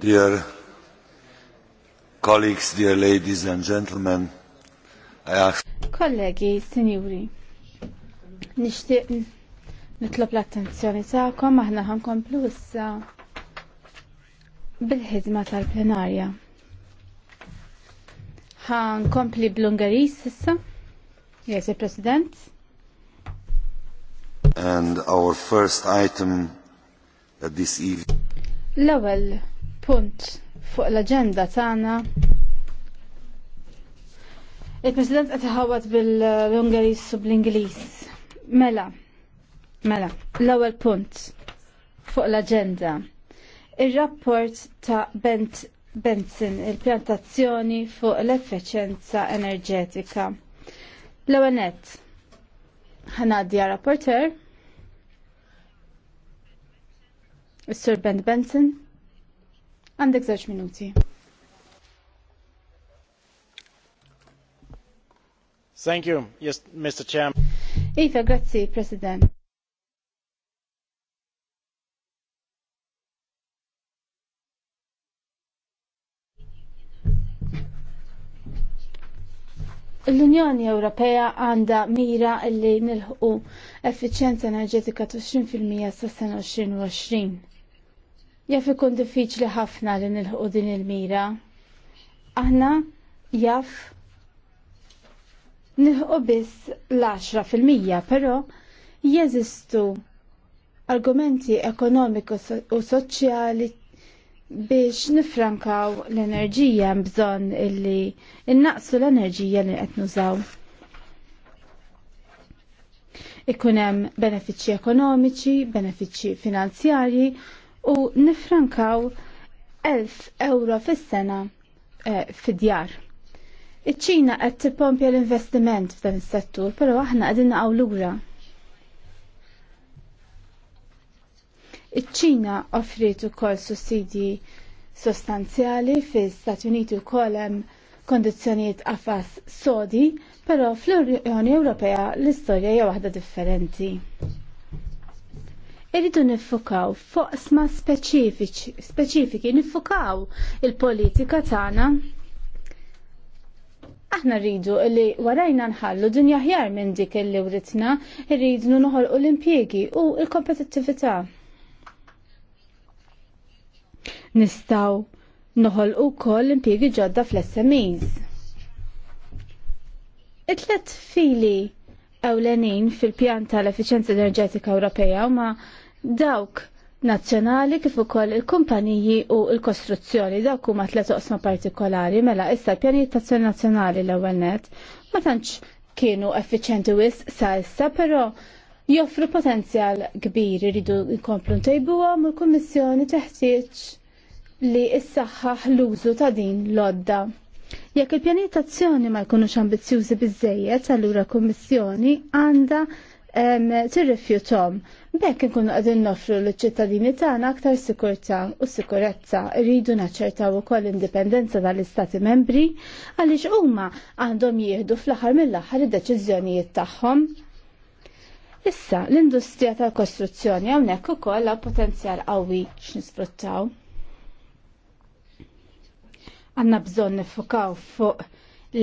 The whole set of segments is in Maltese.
Dear colleagues, dear ladies and gentlemen, I ask... Kollegi, sinjuri, nishtiq nitlob l-attenzjoni ta'kom aħna ħankomplu issa bil-ħidma tal-plenarja. Ħankompli bl-Ungaris issa, yes, President. And our first item that this evening. L-ewwel punt fuq l-agenda tagħna. Il-President qed iħawad bil-Ungeris u bl-Ingliż. Mela, mela, l-ewwel punt fuq l-aġenda. Ir-rapport ta' Bent Benson, il-pjantazzjoni fuq l-effiċenza enerġetika. L-ewwel nett, ħanadja rapporter. Is-Sur Bent Benson. Għandek żewġ minuti. Thank you, yes, Mr. Chairman. Iva, grazie, President. L-Unjoni Ewropea għanda mira li nilħu effiċjenza enerġetika 20% sa' sena 2020 jaf ikun diffiċli ħafna li nilħu din il-mira. Aħna jaf nilħu biss l-10% fil-mija, però jeżistu argumenti ekonomiku u soċjali biex nifrankaw l-enerġija mbżon illi innaqsu l-enerġija li qed nużaw. Ikun hemm benefiċċji ekonomiċi, benefiċi finanzjarji u nifrankaw 1000 euro fis-sena eh, fid-djar. Iċ-Ċina qed tippompja l-investiment f'dan is-settur, però aħna qegħdin naqgħu lura. Iċ-Ċina offrit ukoll sussidji sostanzjali fis-Stati Uniti wkoll hemm kondizzjonijiet qafas sodi, però fl-Unjoni Ewropea l-istorja hija waħda differenti. Irridu nifukaw fuq sma speċifiki, nifukaw il-politika tagħna. Aħna rridu li warajna nħallu dinja ħjar minn dik li uritna, rridu noħolqu l-impjegi u l-kompetittività. Nistaw noħolqu wkoll l-impjegi ġodda fl-SMEs. It-tlet fili ewlenin fil-pjan tal-efficienza enerġetika Ewropea huma ma dawk nazzjonali kif ukoll il-kumpaniji u l-kostruzzjoni dawk huma tliet oqsma partikolari mela issa l-pjanijiet tazzjoni nazzjonali l-ewwel net ma tantx kienu effiċjenti wisq sa issa però joffru potenzjal kbir iridu jkomplu ntejbuhom u l-Kummissjoni teħtieġ li issaħħaħ l-użu ta' din l-odda. Jekk il-pjanijiet tazzjoni ma jkunux ambizzjużi biżejjed allura l-Kummissjoni għandha tirrifjutom. Bekk nkunu għadin nofru l-ċittadini tagħna aktar sikurtà u sikurezza. Rridu naċċertaw ukoll indipendenza tal-Istati membri għaliex huma għandhom jieħdu fl-aħħar mill-aħħar id-deċiżjonijiet tagħhom. Issa, l-industrija tal-kostruzzjoni hawnhekk ukoll għal potenzjal qawwi x'nisfruttaw. Għanna bżonn nifukaw fuq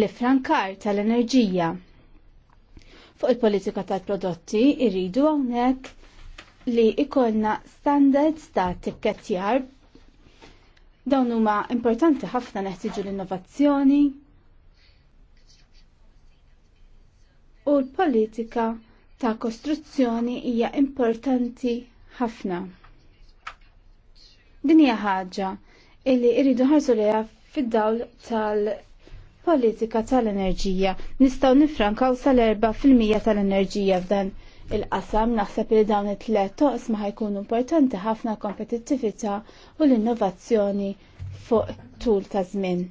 l-frankar tal-enerġija fuq il-politika tal-prodotti iridu hawnhekk li ikollna standards ta' tikketjar dawn huma importanti ħafna neħtieġu l-innovazzjoni u l-politika ta' kostruzzjoni hija importanti ħafna. Din hija ħaġa illi irridu ħarsu liha fid-dawl tal- politika tal-enerġija. Nistaw kawsa l 4 tal-enerġija f'dan il-qasam naħseb li dawn it-tlet toqs ma ħajkunu importanti ħafna kompetittività u l-innovazzjoni fuq tul ta' żmien.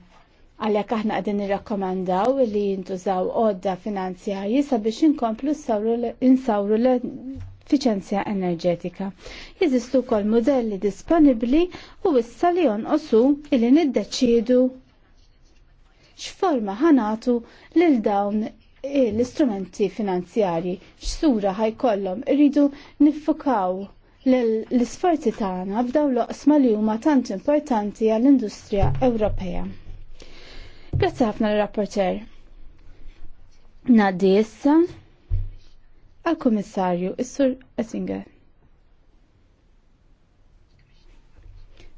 Għalhekk aħna qegħdin nirrakkomandaw li jintużaw għodda finanzjarji sabiex inkomplu insawru l-efficienzja enerġetika. Jeżistu wkoll mudelli disponibbli u issa li jonqosu illi niddeċiedu x'forma ħanatu lil dawn l-istrumenti finanzjarji x'sura ħajkollhom irridu niffukaw l-isforzi tagħna f'dawn l-oqsma li huma tant importanti għall-industrija Ewropea. Grazzi ħafna l-rapporter. Nadi issa għall kummissarju is-Sur Ettinger.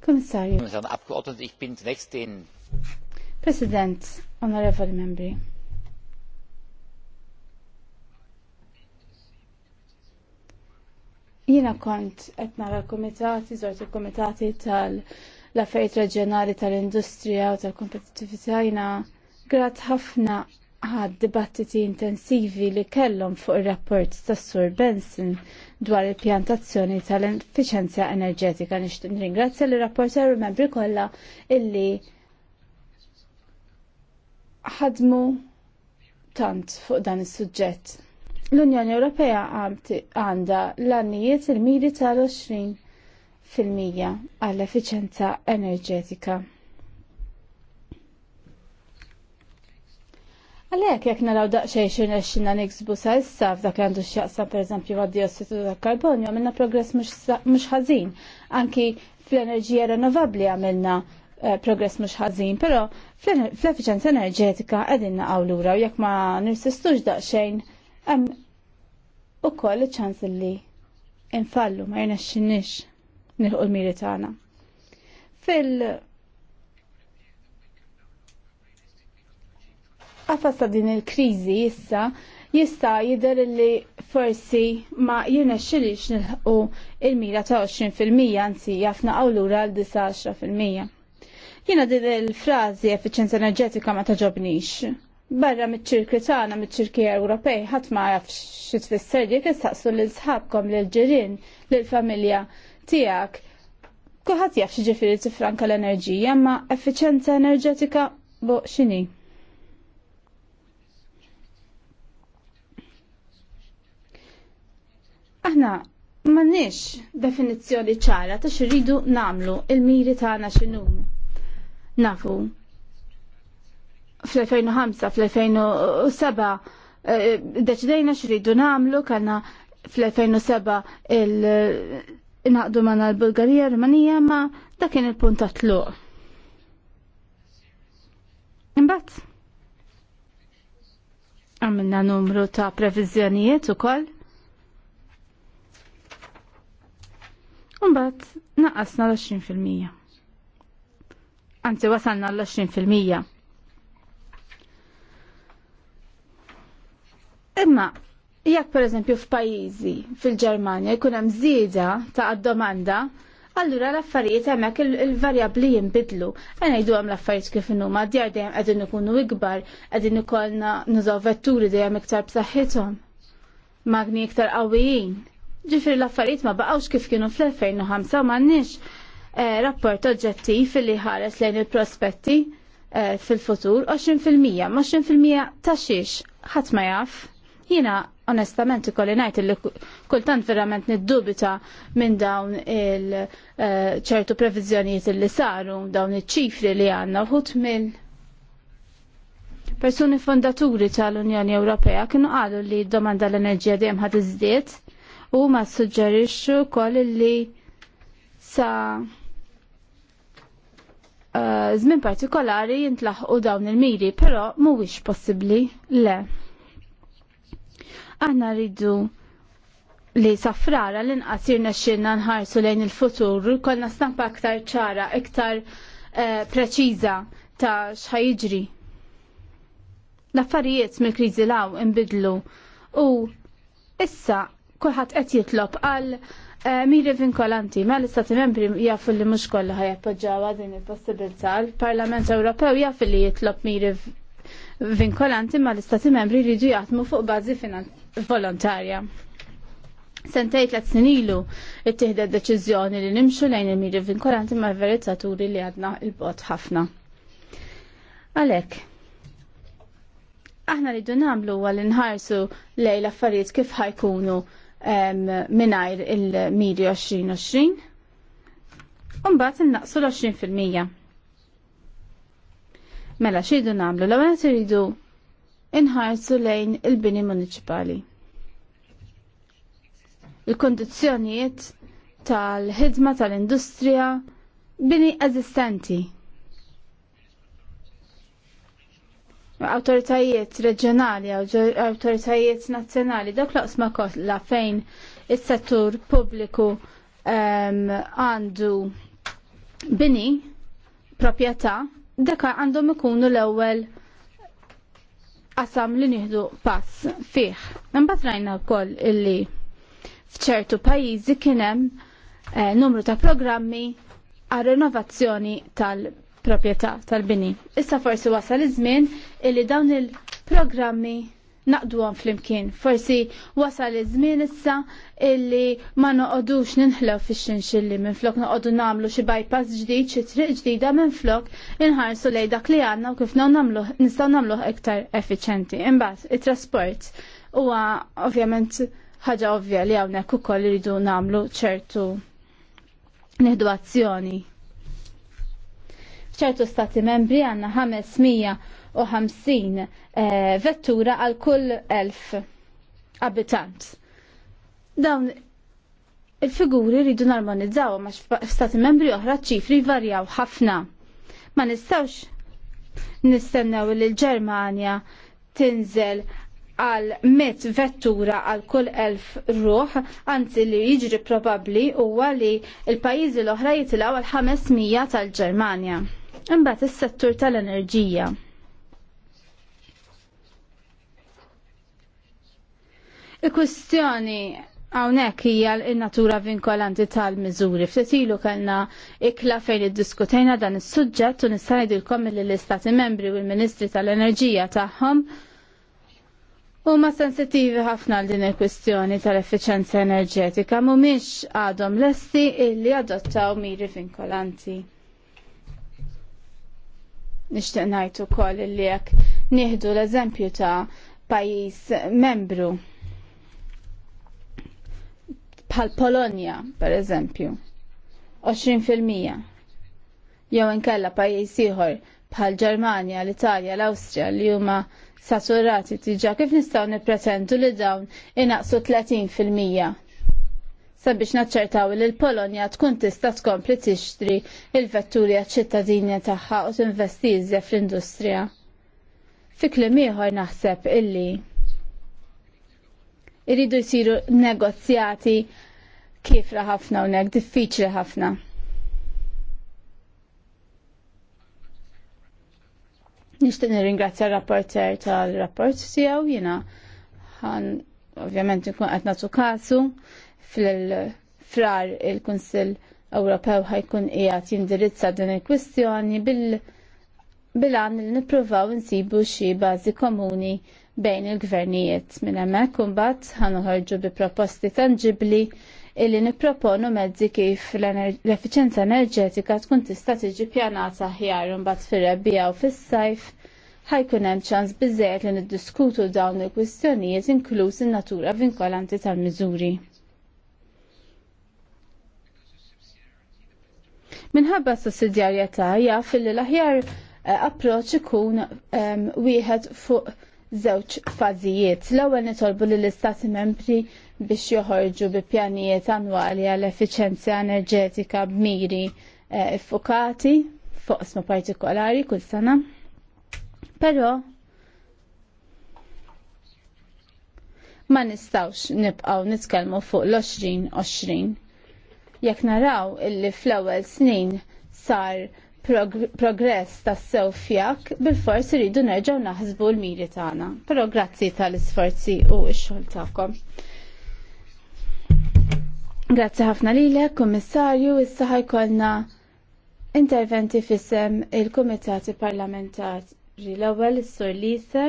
Kommissarju. ich bin zunächst den President, Honorable membri. Jina kont etna nara l-kumitati, żort il-kumitati tal-affarijiet reġjonali tal-industrija u tal kompetitività jina grat ħafna ħad dibattiti intensivi li kellhom fuq ir-rapport tas Sur Benson dwar il-pjantazzjoni tal-efficienza enerġetika. Nixtieq ringrazzja l rapporter u membri kollha illi ħadmu tant fuq dan is-suġġett. L-Unjoni Ewropea għandha l-annijiet il-miri tal-20 fil-mija għall-efficienza enerġetika. Għalek, jek naraw daqxej xin xina niksbu sa' issa, f'dak li għandu xjaqsa per eżempju għad diossidu ta' karbonju, għamilna progress mux ħazin. Anki fl-enerġija renovabli għamilna Eh, progress mhux ħażin, però fl-efficienza enerġetika qegħdin naqgħu lura u jekk ma nirsistux daqsxejn u ukoll iċ-ċans li infallu ma jirnexxinix nirħu l-miri tagħna. Fil Għafasta ta' din il-kriżi issa jista' jidher li forsi ma jirnexxilix nilħu il-mira ta' 20% anzi jafna qawlura għal 19%. Jiena din il-frażi effiċenza enerġetika ma taġobnix. Barra mit-ċirki tagħna mit-ċirki Ewropej ħadd ma jaf xi tfisser jekk istaqsu lil sħabkom lil ġirien lil familja tiegħek. Kulħadd jaf xi ġifieri tifranka l-enerġija, ma effiċenza enerġetika bo x'inhi. Aħna m'għandniex definizzjoni ċara ta' xirridu namlu il-miri tagħna x'inhu. Nafu. Fl-2005, fl-2007, eh, deċidejna xridu namlu, kanna fl-2007 il-naqdu manna l-Bulgarija, Rumanija, ma dakin il-punt tluq. Imbat, għamilna numru ta' previżjonijiet u koll. Imbat, naqasna l-20% anzi wasalna l-20%. Imma, jekk per eżempju f'pajjiżi fil-Ġermanja jkun hemm żieda ta' domanda, allura l-affarijiet hemmhekk il-varjabbli jinbidlu. Ejn ngħidu hemm l-affarijiet kif huma djar dejjem qegħdin ikunu ikbar, qegħdin ikollna nużaw vetturi dejjem iktar b'saħħithom. Magni iktar qawwijin. Ġifier l-affarijiet ma baqgħux kif kienu fl-2005 u m'għandniex Eh, rapport oġġettiv li ħares lejn il-prospetti eh, fil-futur 20% ma 20% ta' xiex ħadd ma jaf. Jiena onestament ikolli ngħid li kultant verament niddubita minn dawn il-ċertu eh, previżjonijiet li saru dawn iċ-ċifri li għandna uħut minn Persuni fondaturi tal-Unjoni Ewropea kienu qalu li domanda l-enerġija dejjem ħad iżdied u ma suġġerixxu koll li sa' Eh, żmien partikolari jintlaħqu dawn il-miri, però mhuwiex possibbli le. Aħna rridu li safrara l-inqas jirnexxinna nħarsu lejn il-futur, kollna stampa aktar ċara, iktar eh, preċiża ta' xħajġri. L-affarijiet mill-kriżi law imbidlu u issa kulħadd qed jitlob għal Eh, miri vinkolanti, ma l-istati membri jafu li mux kolla ħajappoġġawa din il-possibilità. Il-Parlament Ewropew jafu li jitlob miri vinkolanti ma l-istati membri ridu jatmu fuq bazi volontarja. Sentej tlet snilu it-tihda deċizjoni li nimxu lejn il-miri vinkolanti ma verizzaturi li għadna il-bot ħafna. Għalek, aħna li dunamlu għal-inħarsu lej l-affarijiet kif ħajkunu minajr il-midi 2020 Umbat il-naqsu l-20%. Mela xridu namlu l għanet rridu inħarsu lejn il-bini municipali. Il-kondizjonijiet tal-ħidma tal-industrija bini eżistenti autoritajiet reġjonali u autoritajiet nazzjonali dawk laqsma kollha fejn is-settur pubbliku ehm, għandu bini proprjetà dak għandhom ikunu l-ewwel qasam li nieħdu pass fih. Imbagħad rajna wkoll illi f'ċertu pajjiżi kien hemm eh, numru ta' programmi għal rinnovazzjoni tal-pajjiż proprjetà tal-bini. Issa forsi wasal iż-żmien illi dawn il-programmi naqduhom flimkien. Forsi wasal iż-żmien issa illi ma noqogħdux ninħlew fix-xinxilli minflok noqogħdu nagħmlu xi bypass ġdid, xi triq ġdida minflok inħarsu lejn dak li għandna u kif nistgħu nagħmluh iktar effiċenti. Imbagħad it-trasport huwa ovvjament ħaġa ovvja li hawnhekk ukoll iridu nagħmlu ċertu nieħdu azzjoni ċertu stati membri għanna 550 eh, vettura għal kull 1000 abitant. Dawn il-figuri rridu narmonizzaw ma stati membri oħra ċifri varjaw ħafna. Ma nistawx nistennew li l-Ġermanja tinżel għal met vettura għal kull elf ruħ, anzi li jiġri probabli u għali il-pajizi l-oħra jitilaw għal 500 tal-Germania. Imbagħad is-settur tal-enerġija. Il-kwistjoni hawnhekk hija l-natura vinkolanti tal-miżuri. Ftit ilu kellna ikla fejn iddiskutejna dan is-suġġett u nista' ngħidilkom li l-Istati Membri u l-Ministri tal-Enerġija tagħhom huma sensittivi ħafna għal din il-kwistjoni tal-effiċenza enerġetika mhumiex għadhom lesti illi adottaw miri vinkolanti. Nixtieq ngħid ukoll li jekk nieħdu l-eżempju ta' pajjiż membru bħal Polonja, per eżempju, 20% jew inkella pajjiż ieħor bħal Ġermanja, l-Italja, l-Awstrija li huma saturati tiġa kif nistgħu nippretendu li dawn inaqsu 30 fil-mija sabiex naċċertaw li l-Polonja tkun tista' tkompli tixtri il-vetturi għaċ-ċittadini tagħha u tinvesti iżjed fl-industrija. Fi kliem ieħor naħseb illi irridu jsiru negozjati kifra ħafna hawnhekk diffiċli ħafna. Nishtin nirringrazzja rapporter tal-rapport tijaw jina ħan ovvjament nkun qed nagħtu kasu fl frar il-Kunsill Ewropew ħajkun qiegħed jindirizza din il-kwistjoni bil- għan li nippruvaw insibu xi bażi komuni bejn il-gvernijiet minn hemmhekk imbagħad ħanoħorġu bi proposti tangibbli illi nipproponu mezzi kif l-efficienza enerġetika tkun tista' tiġi pjanata aħjar imbagħad fir-rebbija u fis-sajf ħajkun hemm ċans biżejjed li niddiskutu dawn il-kwistjonijiet inkluż in-natura vinkolanti tal-miżuri. Minħabba sussidjarjetà jaf li l-aħjar eh, approċ ikun ehm, wieħed fuq żewġ fażijiet. L-ewwel nitolbu lill istati membri biex joħorġu bi pjanijiet annwali għall effiċenzja enerġetika b'miri iffukati eh, fuq isma partikolari kull sena. Però ma nistawx nibqgħu nitkellmu fuq l-2020 Jekk naraw illi fl-ewwel snin sar progress tas sew fjak, bil-fors rridu nerġgħu naħsbu l-miri tagħna. Però grazzi tal-isforzi u x-xogħol tagħkom. Grazzi ħafna lilek, kummissarju, issa ħajkolna interventi fissem il-Kumitati Parlamentari l-ewwel is-Sur Lise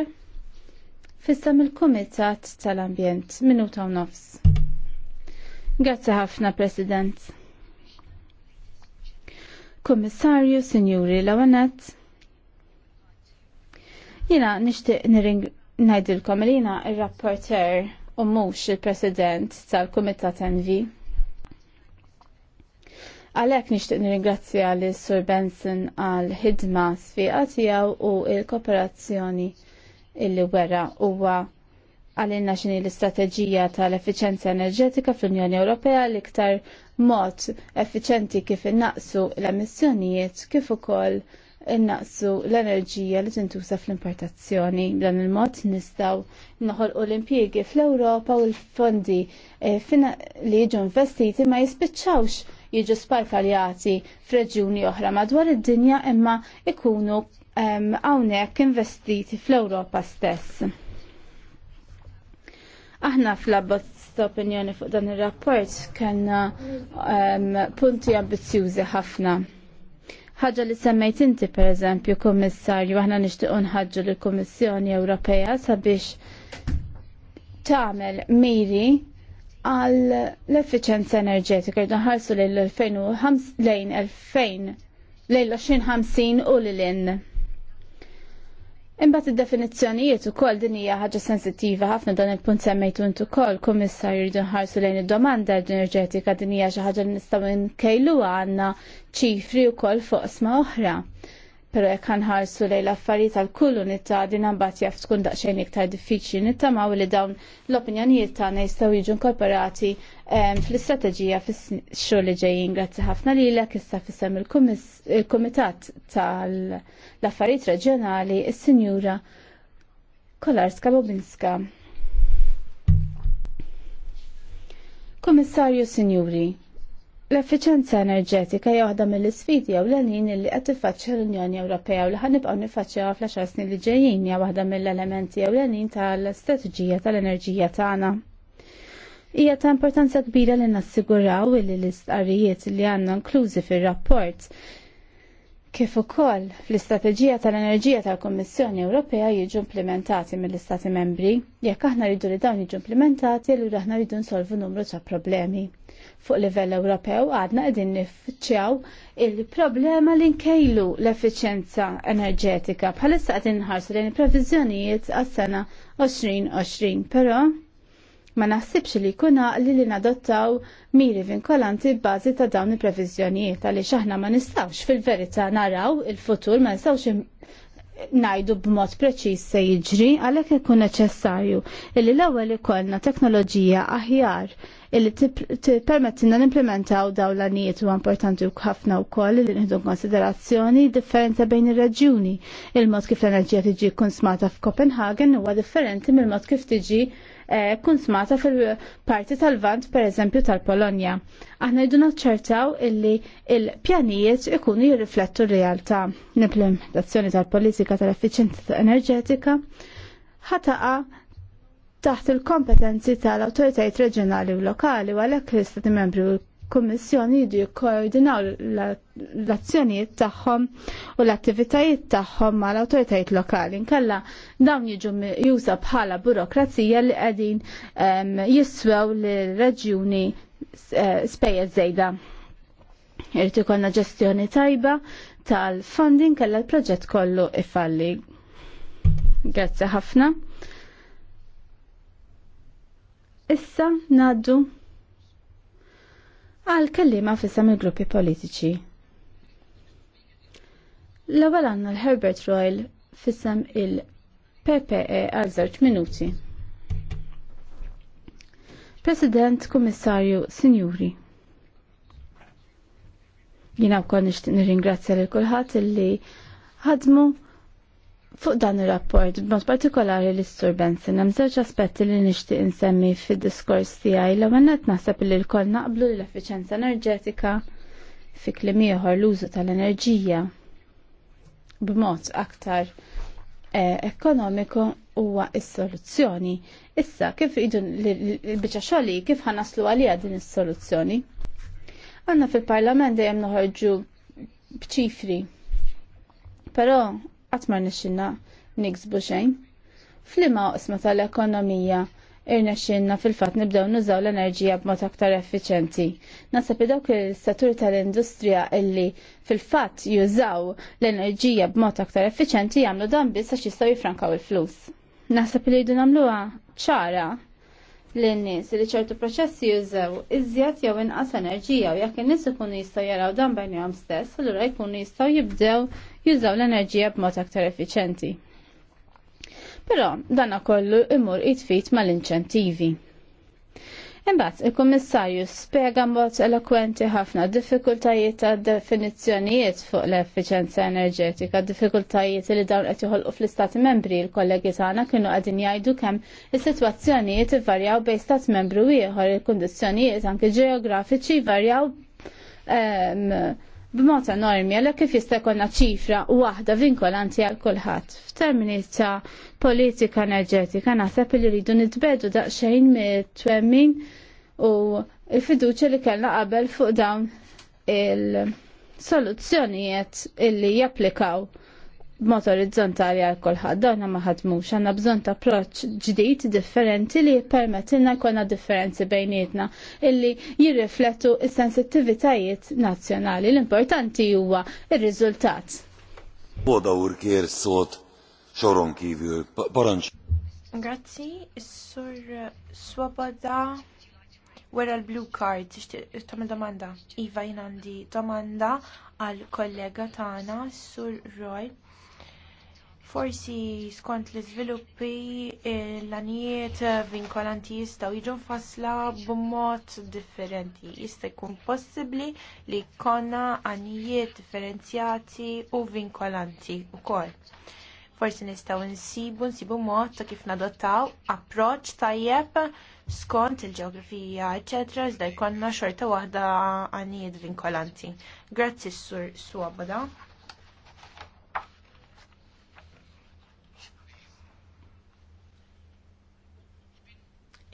fissem il-Kumitat tal-Ambjent minuta u nofs. Grazzi ħafna, President. Kommissarju, Sinjuri Lawanet. Jina nishtiq nirring najdilkom li jina il-rapporter u mux il-president tal-Komitat Envi. Għalek nishtiq nirringrazzja li Sur Benson għal ħidma sfiqa tijaw u il-kooperazzjoni li wera huwa għalinna xini l-istrateġija tal-efficienza enerġetika fl-Unjoni Ewropea l-iktar mod effiċenti kif innaqsu l-emissjonijiet kif ukoll innaqsu l-enerġija li tintuża fl-importazzjoni. dan il-mod nistgħu noħolqu l-impjiegi fl-Ewropa u l-fondi eh, li jiġu investiti ma jispiċċawx jiġu sparpaljati f'reġjuni oħra madwar id-dinja imma ikunu hawnhekk investiti fl-Ewropa stess. Aħna fl-abbozz ta' opinjoni fuq dan ir-rapport kellna um, punti ambizzjużi ħafna. Ħaġa li semmejt inti pereżempju kummissarju aħna nixtiequ nħaġġu lill-Kummissjoni Ewropea sabiex tagħmel miri għal l-effiċenza enerġetika jdu nħarsu lejn 2050 lejn 2000 lejn 2050 u lil-in Imbagħad id-definizzjonijiet ukoll din hija ħaġa sensittiva ħafna dan il-punt semmejtu int ukoll kummissar jridu nħarsu lejn id-domanda enerġetika din hija xi ħaġa li nistgħu nkejluha għandna ċifri wkoll fuq isma oħra. Pero jekk ħanħarsu lejn l-affarijiet għal kull unità din mbagħad jaf tkun daqsxejn iktar diffiċli nittamaw li dawn l-opinjonijiet tagħna jistgħu jiġu inkorporati ehm, fl-istrateġija fix-xogħol li ġejjin. Grazzi ħafna lilek issa fissem il-Kumitat tal-Affarijiet Reġjonali is-Sinjura Kolarska Bobinska. Komissarju Sinjuri, L-effiċenza enerġetika hija waħda mill-isfidi jew l-għalin li qed tiffaċċja l-Unjoni Ewropea u li ħanibqgħu nifaċċjaha fl-10 snin li ġejjin hija waħda mill-elementi jew l għanin tal-istrateġija tal-enerġija tagħna. Hija ta' importanza kbira li nassiguraw li l-istqarrijiet li għandna inklużi fir-rapport kif ukoll fl-istrateġija tal-enerġija tal-Kummissjoni Ewropea jiġu implementati mill-Istati Membri, jekk aħna rridu li dawn jiġu implementati allura aħna rridu nsolvu numru ta' problemi. Fuq livell Ewropew għadna qegħdin niffiċċjaw il-problema li nkejlu l-effiċenza enerġetika bħalissa qegħdin inħarsu lejn il-previżjonijiet għas-sena 2020, però ma naħsibx li kuna li li nadottaw miri vinkolanti bbażi ta' dawn il-previżjonijiet għaliex aħna ma nistawx fil-verità naraw il-futur ma nistawx najdu b'mod preċis se jiġri għalhekk ikun neċessarju illi l-ewwel ikollna teknoloġija aħjar illi tippermettilna nimplementaw dawn l-għanijiet huwa importanti ħafna wkoll li nieħdu konsiderazzjoni differenza bejn ir-raġuni. Il-mod kif l-enerġija tiġi smata f'Kopenhagen huwa differenti mill-mod kif tiġi Eh, kun smata fil-parti tal-vant per eżempju tal-Polonja. Aħna jdu naċċertaw illi il-pjanijiet ikunu jirriflettu r-realtà. L-implementazzjoni tal-politika tal efficienza enerġetika ħataqa taħt il-kompetenzi tal-autoritajiet reġjonali u lokali u għalhekk l-istati membri kummissjoni jidu jikkoordinaw l-azzjonijiet tagħhom u l-attivitajiet tagħhom mal awtoritajiet lokali. Nkella dawn jiġu juża bħala burokrazija li qegħdin jiswew l-reġjuni eh, spejja żejda. Irid ikollna ġestjoni tajba tal-funding kella l-proġett kollu ifalli. Grazzi ħafna. Issa naddu għal kellima fissam il-gruppi politiċi. L-ewwel għandna l-Herbert Royal sam il-PPE għal żewġ minuti. President, Kummissarju, Sinjuri. Jina wkoll nixtieq nirringrazzja lil kulħadd illi ħadmu Fuq dan ir-rapport, b'mod partikolari l isturbenzi Benson, hemm żewġ aspetti li nixtieq insemmi fid-diskors tiegħi l nett naħseb li l naqblu l efficienza enerġetika fi kliem ieħor l-użu tal-enerġija b'mod aktar eh, ekonomiku huwa is-soluzzjoni. Issa kif idun l-biċċa xogħli kif ħanaslu għalija din is-soluzzjoni? Għandna fil-Parlament dejjem noħorġu b'ċifri. Però għatmar nixinna niksbu xejn. Flima qisma tal-ekonomija irna fil-fat nibdew nużaw l-enerġija b'mod aktar effiċenti. Nasab dawk il satur tal-industrija illi fil-fat jużaw l-enerġija b'mod aktar effiċenti jagħmlu dan biss għax jistgħu jifrankaw il-flus. Nasab li jdu nagħmluha ċara l-nies li ċertu proċessi jużew iżjed jew inqas enerġija u jekk in-nies ikunu jistgħu jaraw dan bejnhom stess, allura jkunu jistgħu jibdew jużaw l-enerġija b'mod aktar effiċenti. Però dan kollu imur jitfit mal-inċentivi. Imbagħad il-Kummissarju spjega mod elokwenti ħafna diffikultajiet ta' definizzjonijiet fuq l-effiċenza enerġetika, diffikultajiet li dawn qed joħolqu fl-Istati Membri il-kollegi tagħna kienu qegħdin jgħidu kemm is-sitwazzjonijiet ivarjaw bejn Stat Membru ieħor il-kundizzjonijiet anke ġeografiċi varjaw ehm, b'mod enormi għalhekk kif jista' jkollna ċifra waħda vinkolanti għal kulħadd. F'termini ta' politika enerġetika naħseb li rridu nitbedu daqsxejn mit-twemmin u l-fiduċja li kellna qabel fuq dawn il-soluzzjonijiet illi japplikaw b'mod orizzontali għal kolħadd dawn ma ħadmux għandna bżonn ta' approċċ ġdid differenti li jippermettilna jkollna differenzi bejnietna illi jirriflettu s-sensittivitajiet nazzjonali. L-importanti huwa ir-riżultat. Boda urkier sot xoron kivju paranċ. Grazzi, s-sur Swoboda wara l-blue card, tagħmel domanda. Iva jinandi domanda għal kollega tagħna, sur Roy Forsi skont l iżviluppi l-anijiet vinkolanti jistgħu jiġu mfassla b'mod differenti. Jista' jkun possibbli li jkollna għanijiet differenzjati u vinkolanti wkoll. Forsi nistgħu nsibu nsibu mod ta' kif nadottaw approċċ tajjeb skont il-ġeografija, eċetera, iżda jkollna xorta waħda għanijiet vinkolanti. Grazzi s-sur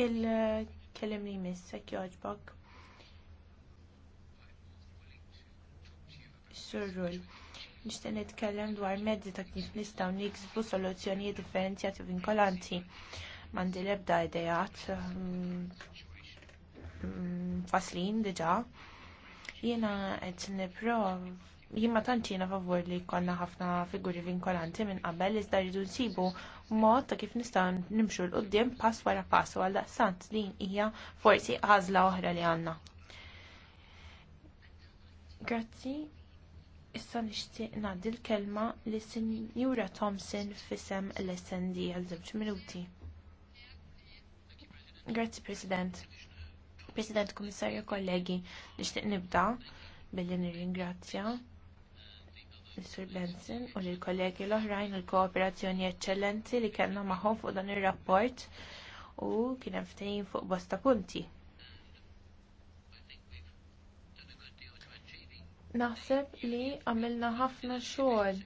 Il-kellim missek joġbok. Surrul. Nixtieq nitkellem dwar mezzi ta' kif nistgħu niksbu soluzzjonijiet differenzjati vinkolanti. M'għandi l-ebda idejat mm, faslin diġa'. Jiena qed nipprova jien ma tantx jiena favur li jkollna ħafna figuri vinkolanti minn qabel iżda rridu nsibu mod ta' kif nistgħu nimxu l qudiem pass wara pass u għaldaqstant din hija forsi għażla oħra li għandna. Grazzi. Issa nixtieq ngħaddi l-kelma li Sinjura Thompson f'isem l-SND għal żewġ minuti. Grazzi President. President Kummissarju kollegi, nixtieq nibda billi nirringrazzja Mr. Benson u lill kollegi l-oħrajn u l-kooperazzjoni eċċellenti li kellna magħhom fuq dan ir-rapport u kien hemm ftehim fuq bosta punti. Naħseb li għamilna ħafna xogħol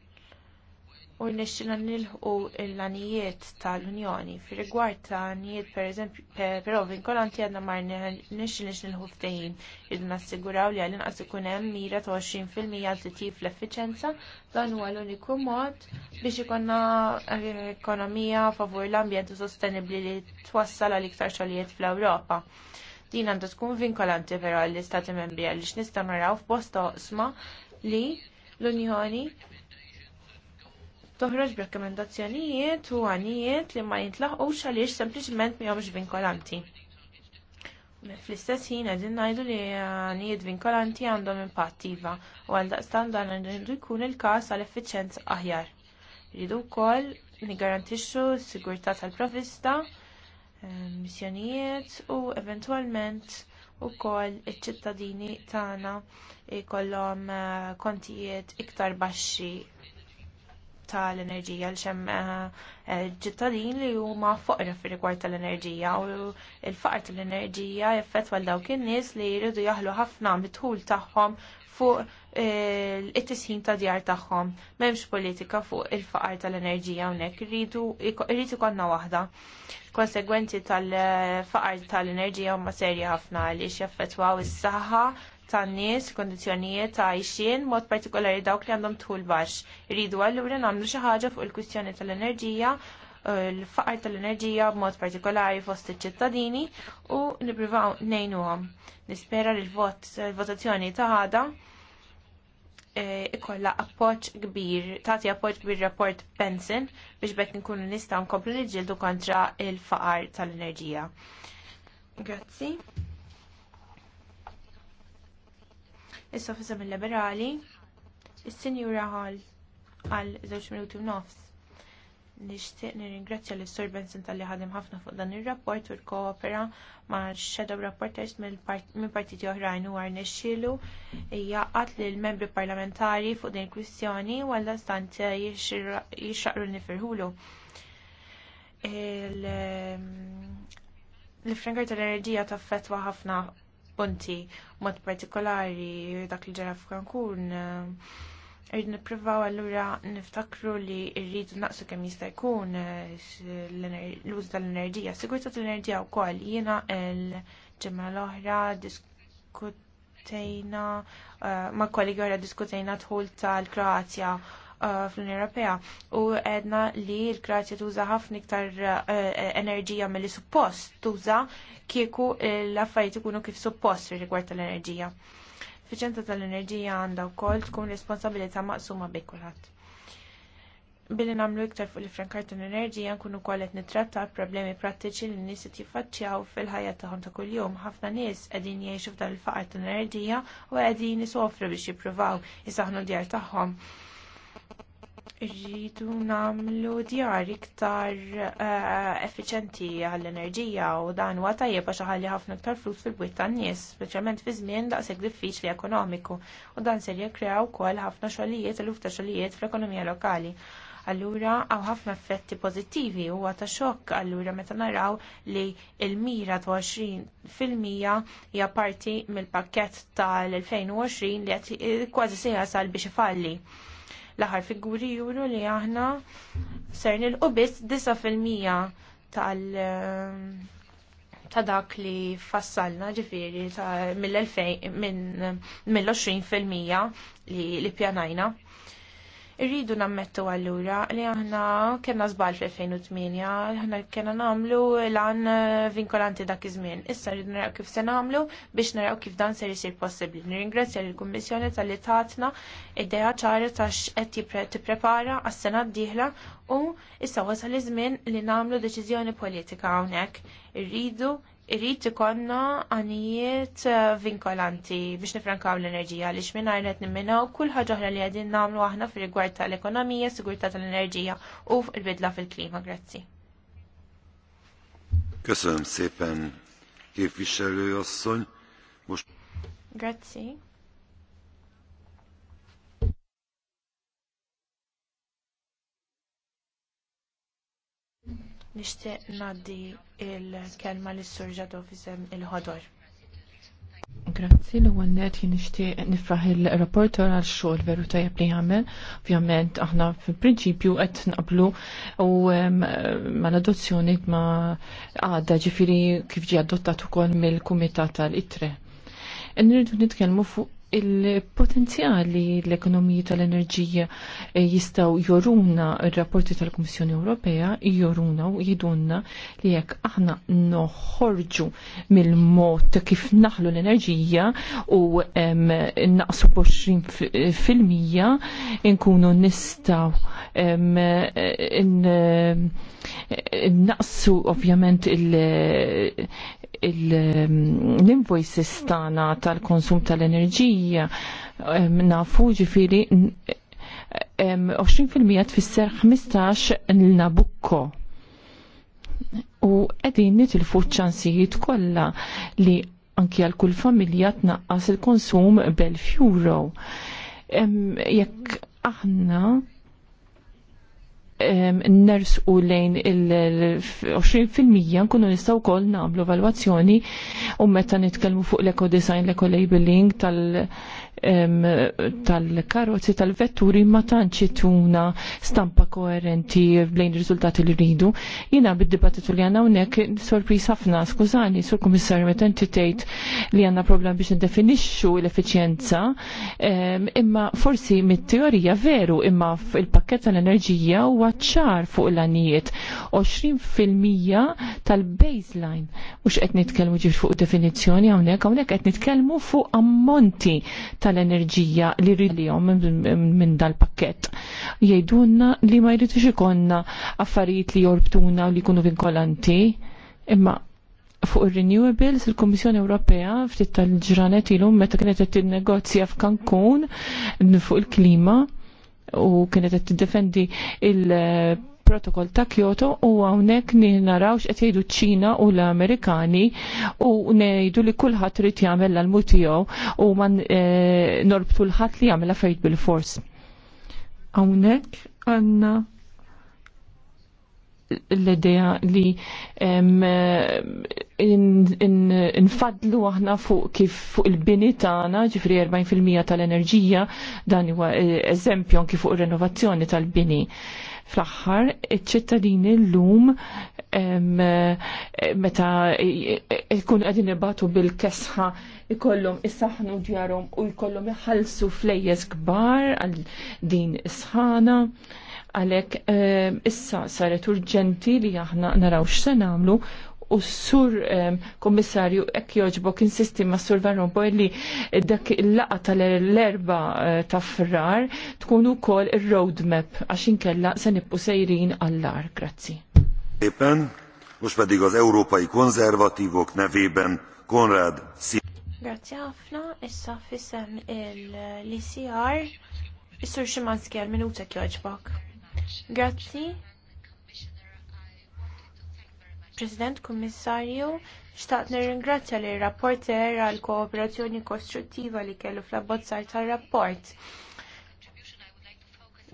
u nixxina nilħu l-anijiet tal-Unjoni. Fir-rigward ta' anijiet pereżempju, però vinkolanti għadna mar nixxin nix nilħu ftehim. Irdu nassiguraw li għal-inqas ikun hemm mira ta' 20% għal titjib fl-effiċenza dan huwa l-uniku mod biex ikonna eh, ekonomija favur l-ambjent u sostenibbli li twassal għal iktar xogħlijiet fl-Ewropa. Din għandha tkun vinkolanti però għall-Istati Membri għaliex nista' naraw f'bosta oqsma li l-Unjoni toħroġ b'rakkomendazzjonijiet u għanijiet li ma jintlaħqux għaliex sempliċement mihomx vinkolanti. Fl-istess ħin qegħdin ngħidu li għanijiet vinkolanti għandhom impattiva u għal daqstan dan għandu jkun il-każ għal effiċenza aħjar. Ridu wkoll li s-sigurtà tal-provista, eh, missjonijiet u eventwalment ukoll iċ-ċittadini tagħna jkollhom eh, kontijiet iktar baxxi tal-enerġija l xem eh, eh, ġittadin li huma foqra fir rigward tal-enerġija u l-faqar tal-enerġija jaffetwa dawk in-nies li jridu jaħlu ħafna mitħul tagħhom fuq eh, it-tisħin ta' djar tagħhom. M'hemmx politika fuq il-faqar tal-enerġija hawnhekk irrid ikollna waħda. Konsegwenzi tal-faqar tal-enerġija huma serji ħafna għaliex jaffettwaw is-saħħa tan-nies, kondizzjonijiet ta' għajxien, mod partikolari dawk li għandhom tħul baxx. Irridu allura nagħmlu xi ħaġa fuq il-kwistjoni tal-enerġija, eh, l-faqar tal-enerġija b'mod partikolari fost iċ-ċittadini u nippruvaw nejnuhom. Nispera li l-vot, votazzjoni ta' għada eh, ikolla appoġġ kbir, tagħti appoġġ kbir rapport Benson biex bekk nkunu nistgħu nkomplu niġġieldu kontra il-faqar tal-enerġija. Grazzi. Issa fisa mill-liberali, is sinjura Hall għal żewġ minuti u nofs. Nixtieq nirringrazzja l sur Benson talli li ħadem ħafna fuq dan ir-rapport u l-koopera ma' shadow rapporters minn partiti oħrajn u għar nexxielu jaqat lil membri parlamentari fuq din il-kwistjoni u stant jixxaqru nifirħulu mm, L-Frankar tal-Enerġija taffetwa ħafna punti mod partikolari dak li ġara f'Kankun. Eh, Rrid nippruvaw allura niftakru li rridu naqsu kemm jista' jkun eh, l-uż tal-enerġija. Sigurtà tal-enerġija wkoll jiena l-ġimgħa l-oħra diskutejna eh, ma' kollegi oħra diskutejna dħul tal-Kroazja Eh, fl-Unjoni Ewropea u għedna li l-Kroatja tuża ħafna iktar eh, eh, enerġija mill suppost tuża kieku l-affarijiet ikunu kif suppost fir rigward tal-enerġija. Fiċenza tal-enerġija għandha wkoll tkun responsabilità maqsuma bejn kulħadd. Billi nagħmlu iktar fuq l-frankar tal-enerġija nkunu wkoll qed nittratta problemi prattiċi li n-nies qed jiffaċċjaw fil-ħajja tagħhom ta' kuljum. Ħafna nies qegħdin jgħixu f'dan il-faqar tal-enerġija u qegħdin isofru biex jippruvaw jisaħnu djar tagħhom rridu nagħmlu djar iktar eh, effiċenti għall-enerġija u dan huwa tajjeb għax ħalli ħafna iktar flus fil-bwiet tan-nies, speċjalment fi żmien daqshekk diffiċli ekonomiku u dan ser jekkrew ukoll ħafna xogħlijiet u ta' xogħlijiet fl-ekonomija lokali. Allura għaw ħafna effetti pożittivi u ta' xokk allura meta naraw li il-mira ta' 20% hija parti mill-pakkett tal-2020 li qed kważi se jasal biex ifalli. L-aħħar figuri juru li aħna ser nilqu biss 9% tal eh, ta' dak li fassalna ġifiri ta' mill-20 mill-20% li, li pjanajna. Irridu nammettu allura li aħna kena zbal fl-2008, aħna kena namlu lan vinkolanti dak iż-żmien. Issa rridu naraw kif se namlu biex naraw kif dan se jisir possibbli. Nirringrazzja lill-Kummissjoni tal-li tatna idea ċara ta' x'qed tipprepara għas-sena d-dieħla u issa wasal iż-żmien li namlu deċiżjoni politika hawnhekk. Irridu irrid ikonna għanijiet eh, vinkolanti biex nifrankaw l-enerġija li xminar qed u kull ħagħuħra oħra li qegħdin nagħmlu aħna fir-rigward tal-ekonomija, sigurtà tal-enerġija u il bidla fil-klima. Grazzi. Köszönöm szépen, képviselő Grazzi. Nixtieq ngħaddi l kelma lis sur Ġadovizem il-ħodor. Grazzi l ewwel net jien nixtieq nifraħ il-rapporter għal xogħol veru tajjeb li jagħmel. Ovvjament aħna fil-prinċipju qed naqblu u mal-adozzjoni ma għadda ġifieri kif ġie adottat ukoll mill-Kumitat tal-Itre. Nirridu nitkellmu fuq il-potenzjali l-ekonomiji tal-enerġija eh, jistaw joruna il-rapporti tal-Komissjoni Ewropea, joruna u jidunna li jekk aħna noħorġu mill-mod kif naħlu l-enerġija u naqsu 20% nkunu nistaw naqsu ovvjament il- Ehm, l-invoices tagħna tal-konsum tal-enerġija ehm, nafu ġifiri 20% fisser 15 l nabukko U qegħdin nitilfu ċ-ċansijiet kollha li anki għal kull familja tnaqqas il-konsum bel fjuro ehm, Jekk aħna n ners u lejn il-20% nkunu nistaw kol namlu valwazzjoni u meta nitkellmu fuq l-eco design, l-eco labeling tal- tal-karozzi tal-vetturi ma tantx tuna stampa koerenti bejn riżultati li rridu. Jiena bid-dibattitu li għandna hawnhekk sorpriż ħafna, skużani, sur Kummissarju meta inti tgħid li għandna problem biex niddefinixxu l-effiċjenza, imma forsi mit-teorija veru imma il-pakket tal-enerġija huwa ċar fuq l għanijiet 20% tal-baseline. Mhux qed nitkellmu ġifir fuq definizzjoni hawnhekk hawnhekk qed nitkellmu fuq ammonti ta' tal-enerġija li rridlihom minn dal-pakket. Jgħidulna li ma jridux ikonna affarijiet li jorbtuna u li jkunu vinkolanti, imma fuq il-renewables, il komissjoni Ewropea ftit tal-ġranet ilum meta kienet qed tinnegozja f'Cancun fuq il-klima u kienet qed tiddefendi il il-protokoll ta' Kyoto u hawnhekk naraw x'qed jgħidu ċ-Ċina u l-Amerikani u ngħidu li kulħadd rid jagħmel l-almu tiegħu u ma eh, norbtu l-ħadd li jagħmel fejt bil-fors. Hawnhekk għandna l-idea li nfadlu aħna fuq kif fuq il-bini tagħna, ġifri 40% tal-enerġija, dan huwa eh, eżempju anki fuq ir-renovazzjoni tal-bini. Fl-aħħar, iċ-ċittadini l-lum meta jkun qegħdin ibatu bil-kesħa ikollhom isaħnu djarhom u jkollhom iħallsu flejjes kbar għal din isħana għalek issa saret urġenti li aħna naraw x'se nagħmlu u s-sur komissarju ek joġbok insisti ma s-sur Van li dak il-laqa tal-erba eh, ta' frar tkun ukoll il-roadmap għax inkella se nibqu sejrin għallar. Grazzi. Éppen, mux pedig az európai konzervatívok nevében Konrad Szia. Grazie ħafna, issa fissem il-LCR, il-Sur Szymanski għal-minuta kjoġbok. Grazie. President Kummissarju, xtaqt nirringrazzja li rapporter għal kooperazzjoni kostruttiva li kellu fl-abbozzar tal-rapport.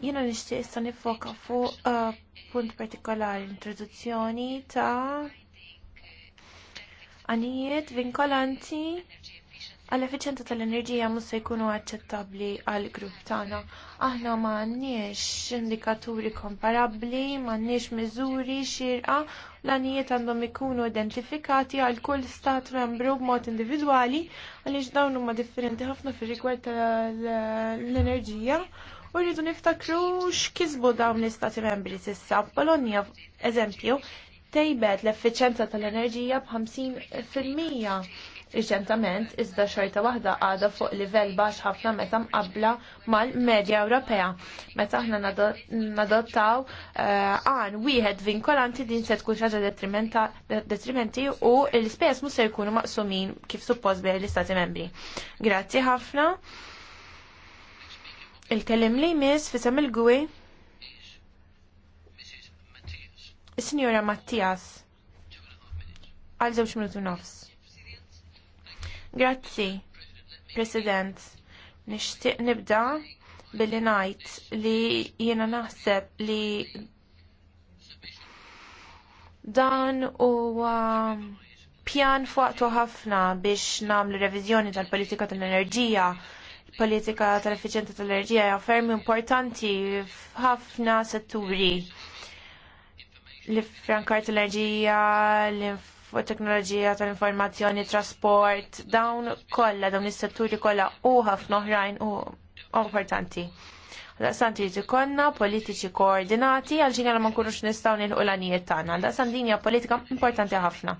Jiena nixtieq issa nifoka fuq uh, punt partikolari introduzzjoni ta' għanijiet vinkolanti għall-efficienza tal-enerġija mhux se jkunu aċċettabbli għall grupp tagħna. Aħna m'għandniex indikaturi komparabbli, m'għandniex miżuri xirqa l-għanijiet għandhom ikunu identifikati għal kull stat membru b'mod individwali għaliex dawn huma differenti ħafna fir-rigward tal-enerġija. U rridu niftakru x'kisbu dawn l-istati membri sissa. Polonja, eżempju, tejbet l-effiċenza tal-enerġija b'50 fil-mija riċentament iżda xorta waħda għadha fuq livell baħx ħafna meta mqabbla mal-medja Ewropea. Meta aħna nadottaw eh, għan wieħed vinkolanti din se tkun xaġa detrimenti u l-ispejjeż mhux se jkunu maqsumin kif suppost bejn l-Istati membri. Grazzi ħafna. Il-kellim li jmiss fisem il-gwi Signora Mattias, għal żewġ minuti nofs. Grazzi, President. Nixtieq nibda billi ngħid li jiena naħseb li dan huwa pjan fuqtu ħafna biex nagħmlu reviżjoni tal-politika tal-enerġija politika tal-efficienza efficienta tal enerġija hija ferm importanti f'ħafna setturi. L-frankar tal-enerġija, l-inf fuq teknoloġija tal-informazzjoni, trasport, dawn kollha dawn is-setturi kollha u ħafna oħrajn u importanti. Daqsanti trid ikollna politiċi koordinati għal xinjala ma nkunux nistgħu nilħu l tagħna. Daqsan din hija politika importanti ħafna.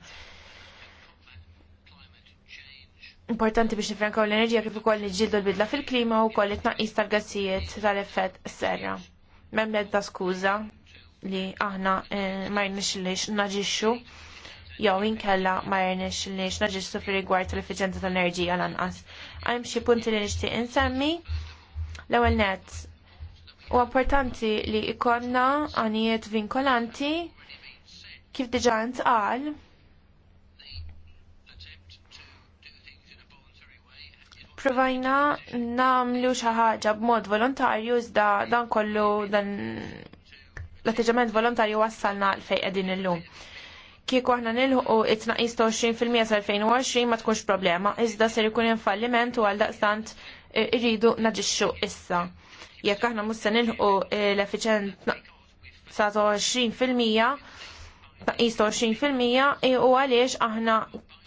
Importanti biex nifrankaw l-enerġija kif ukoll niġġieldu l-bidla fil-klima u koll it-tnaqqis tal-gassijiet tal-effett serra. Mem ta' skuża li aħna eh, ma jnexxilix naġixxu jew inkella ma jernex li xnaġistu fi rigward tal-efficienza tal-enerġija lanqas. Għajm xi punti li nixtieq insemmi. L-ewwel net U importanti li ikonna għanijiet vinkolanti kif diġà ntqal provajna namlu xi ħaġa b'mod volontarju iżda dan kollu dan l atteġament volontarju wassalna l fejn qegħdin illum kieku aħna nilħu it-tnaqis ta' 20% sa' 2020 ma tkunx problema, iżda ser ikun hemm falliment u għal daqstant e, irridu naġixxu issa. Jekk aħna mhux se nilħu e, l-effiċent sa' 20% tnaqis ta' 20% e, u għaliex aħna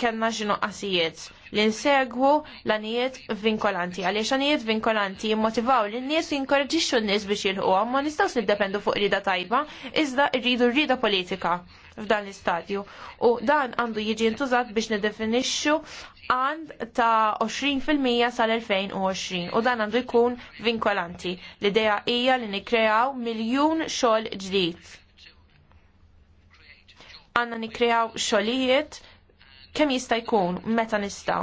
kellna xi qasijiet li nsegħu l-anijiet vinkolanti. Għaliex anijiet vinkolanti jimmotivaw n nies jinkorġiċu n-nies biex għom, ma s niddependu fuq rida tajba, iżda rridu rida politika f'dan l-istadju. U dan għandu jiġi ntużat biex nidefinixxu għand ta' 20% sal-2020 u dan għandu jkun vinkolanti. L-idea hija li nikrejaw miljun xogħol ġdid. Għanna nikrejaw xogħlijiet kemm jista' jkun meta nistgħu.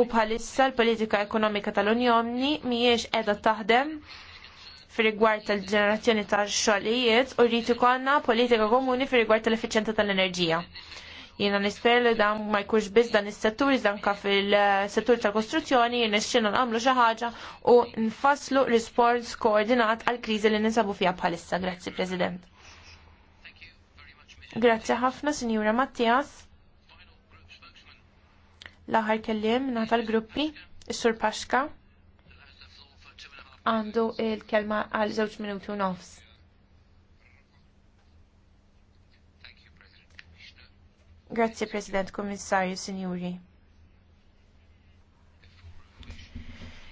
U bħalissa l-politika ekonomika tal-Unjoni mhijiex qiegħda taħdem fir-rigward tal-ġenerazzjoni tax-xogħlijiet u rrid ikollna politika komuni fir-rigward tal-effiċjenza tal-enerġija jiena nisper li dan ma jkunx biss dan is-settur iżda fil-settur tal-kostruzzjoni jirnexxina nagħmlu xi ħaġa u nfasslu rispons koordinat għall kriżi li ninsabu fiha bħalissa. Grazzi President. Grazzi ħafna, Sinjura Mattias. L-aħħar kelliem nata l-gruppi, is-Sur Paxka. Għandu il-kelma għal żewġ minuti u nofs. Grazzi President Kommissarju, Signori.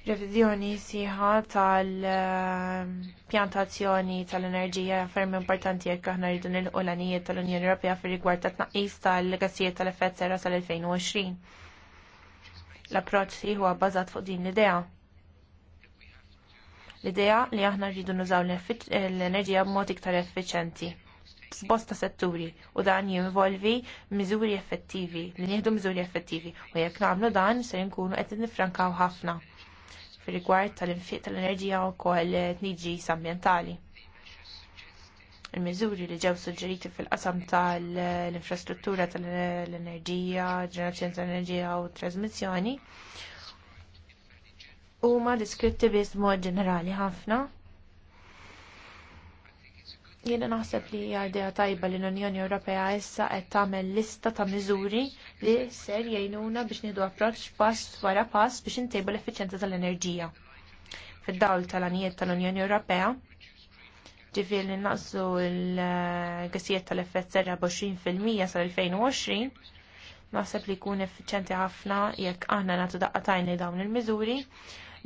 revizjoni siħa tal-pjantazzjoni tal-enerġija ferm importanti jekk aħna rridu nil-qolanijiet tal-Unjoni Ewropea fir rigward ta' tnaqqis tal-gassijiet tal-effett serra tal-2020. L-approċċ huwa bbażat fuq din l-idea. L-idea li aħna rridu nużaw l-enerġija b'mod iktar effiċenti f'bosta setturi u dan jinvolvi miżuri effettivi, li nieħdu miżuri effettivi u jekk nagħmlu dan se nkunu qed nifrankaw ħafna fil-rigward tal-infiq tal-enerġija u koll tniġis ambientali. Il-miżuri li ġew suġġeriti fil-qasam tal-infrastruttura tal-enerġija, ġenerazzjoni tal-enerġija u trasmissjoni huma diskritti biss b'mod ġenerali ħafna Jiena naħseb li hija idea tajba li l-Unjoni Ewropea issa qed tagħmel lista ta' miżuri li ser jgħinuna biex nieħdu approċċ pass wara pass biex intejbu l-effiċjenza tal-enerġija. Fid-dawl tal-anijiet tal-Unjoni Ewropea, ġifieri li naqsu l-gassijiet tal-effett serra b'20% sal-2020, naħseb li jkun effiċjenti ħafna jekk aħna nagħtu daqqa' tajni dawn il-miżuri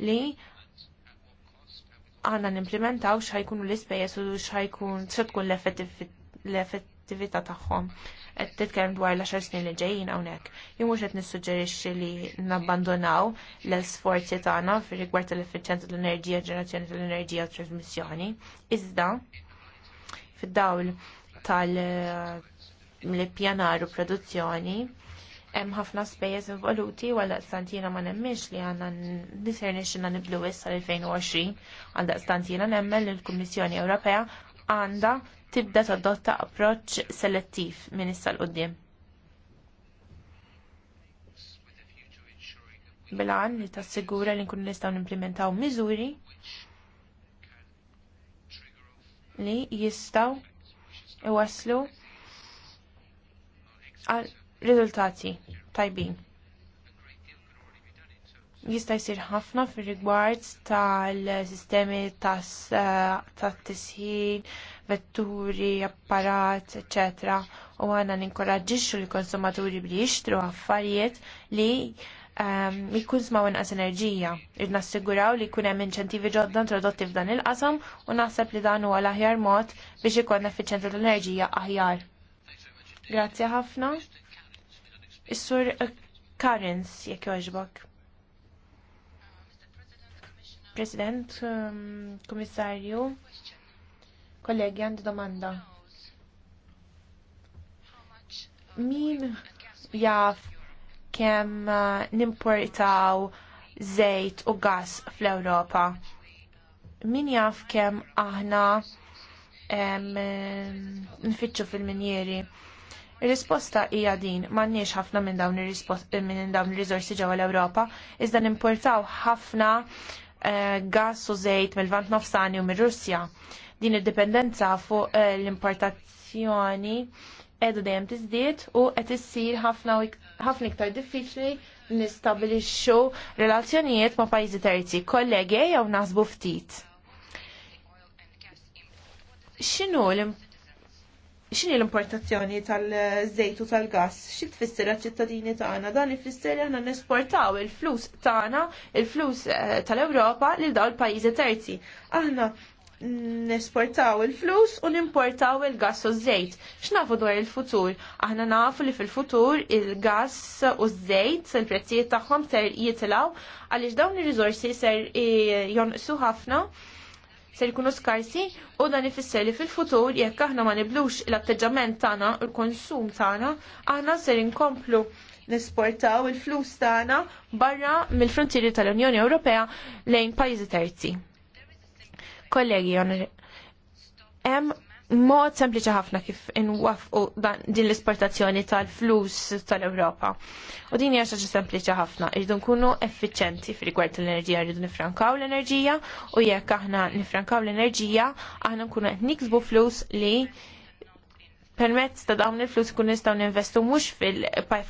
li għanna nimplementaw xħajkunu l-ispejjeż u xħajkun tkun l-effettività tagħhom. Qed titkellem dwar l-10 snin li ġejjin hawnhekk. Jien mhux qed nissuġġerixxi li nabbandonaw l-isforzi tagħna fir-rigward tal efficienza tal-enerġija, ġenerazzjoni tal-enerġija u trasmissjoni. Iżda fid-dawl tal-pjanar u produzzjoni hemm ħafna spejjeż involuti u daqstant jiena ma nemmix li għandna nisser nixxina niblu issa l-2020 għaldaqstant jiena nemmen li l-Kummissjoni Ewropea għandha tibda tadotta approċċ selettiv minn issa l qudiem Bilan li tassigura li nkunu nistgħu nimplementaw miżuri li jistaw iwaslu għal riżultati tajbin. Jista' jsir ħafna fir-rigward tal-sistemi eh, tat-tisħin, vetturi, apparat, eċetera, U għanna ninkoraġġixxu l-konsumaturi bli jixtru affarijiet li ehm, ma' inqas enerġija. Rid nassiguraw li jkun hemm inċentivi ġodda introdotti f'dan il-qasam u naħseb li dan huwa l-aħjar mod biex ikun effiċjenti l-enerġija aħjar. Grazzi ħafna. Is-sur uh, Karens, jekk joġbok. President, um, Komissarju, kollegi għandi domanda. Min jaf kem uh, nimportaw zejt u gas fl-Europa? Min jaf kem aħna nfittxu fil-minjeri? Ir-risposta hija din m'għandniex ħafna minn dawn eh, minn dawn ir-riżorsi ġewwa l-Ewropa, iżda nimportaw ħafna gass eh, gas u żejt mill-Vant Nofsani u mir-Russja. Din id-dipendenza fuq eh, l-importazzjoni qiegħda dejjem tiżdied u qed issir ħafna iktar diffiċli nistabilixxu relazzjonijiet ma' pajjiżi terzi, kollegi jew nasbu ftit. X'inhu l x'inhi l-importazzjoni tal-żejt u tal-gass, xi tfisser ċittadini tagħna, dan ifisser aħna nesportaw il-flus tagħna, il-flus eh, tal-Ewropa lil dawn il-pajjiżi terzi. Aħna nesportaw il-flus u nimportaw il-gass u żejt. X'nafu dwar il-futur? Aħna nafu li fil-futur il-gass u żejt, il-prezzijiet tagħhom ser jitilgħu għaliex dawn ir-riżorsi ser eh, jonqsu ħafna Se jkunu skarsi u dan ifisser li fil-futur jekk aħna ma niblux l-atteġġament tagħna u l-konsum tagħna, aħna se inkomplu nesportaw il-flus tagħna barra mill-frontieri tal-Unjoni Ewropea lejn pajjiżi terzi. Kollegi, hemm mod sempliċi ħafna kif inwafqu din l-esportazzjoni tal-flus tal-Ewropa. U din hija xi sempliċi ħafna, irridu nkunu effiċenti f'rigward l enerġija rridu nifrankaw l-enerġija u jekk aħna nifrankaw l-enerġija, aħna nkunu qed niksbu flus li permezz ta' dawn il-flus kun nistaw ninvestu mhux fil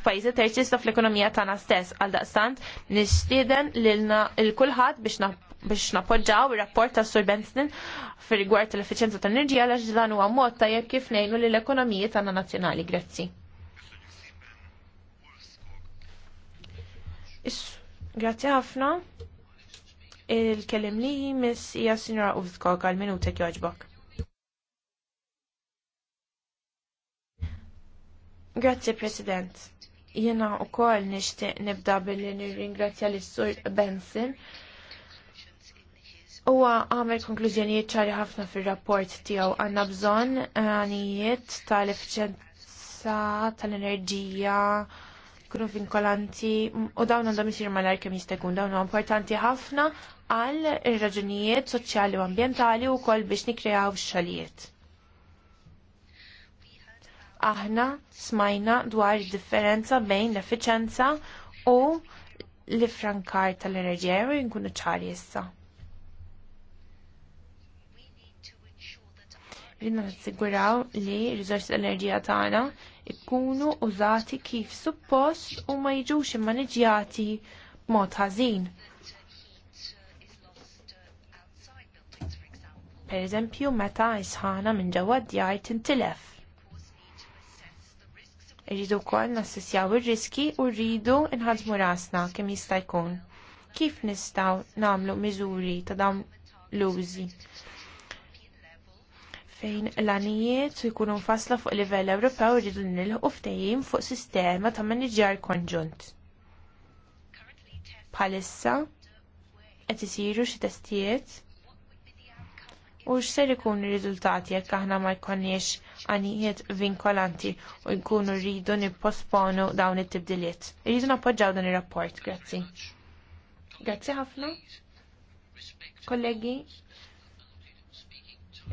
pajzi terċi sta fl-ekonomija tagħna stess għal daqstant nistieden lilna il kulħadd biex biex napoġġaw ir-rapport ta' Sur Benson fil rigward tal efficienza ta' enerġija għal dan huwa mod tajjeb kif ngħinu lill ekonomiji tagħna nazzjonali. Grazzi. Grazzi ħafna. Il-kellim li jmiss hija Sinjora Uvskog għal minutek jogħġbok. Grazzi, President. Jena u koll nishtiq nibda billi nirringrazzja l-Sur Benson. Huwa għamil konklużjonijiet ċari ħafna fir-rapport tiegħu għandna bżonn eh, għanijiet tal-efficienza tal-enerġija kunu vinkolanti u dawn għandhom isir malar kemm jista' jkun dawn huwa importanti ħafna għal ir-raġunijiet soċjali u ambjentali wkoll biex nikkreaw xogħlijiet aħna smajna dwar id differenza bejn l-effiċenza u l-ifrankar tal-enerġija u jkunu ċari issa. Rinna nassiguraw li r l enerġija tagħna ikkunu użati kif suppost u ma jiġux immaneġjati b'mod ħażin. Per eżempju, meta isħana minn ġewwa d-djar tintilef Rridu wkoll nassissjaw ir-riski u rridu nħadmu rasna kemm jista' jkun. Kif nistgħu nagħmlu miżuri ta' dawn l-użi? fejn l-anijiet jkunu mfassla fuq livell Ewropew rridu nilħu ftehim fuq sistema ta' maniġjar konġunt. Bħalissa qed isiru xi testijiet u x'ser ikun ir-riżultati jekk aħna ma jkollniex għanijiet vinkolanti u jkunu rridu nipposponu dawn it-tibdiliet. Irridu nappoġġaw dan ir-rapport, grazzi. Grazzi ħafna. Kollegi,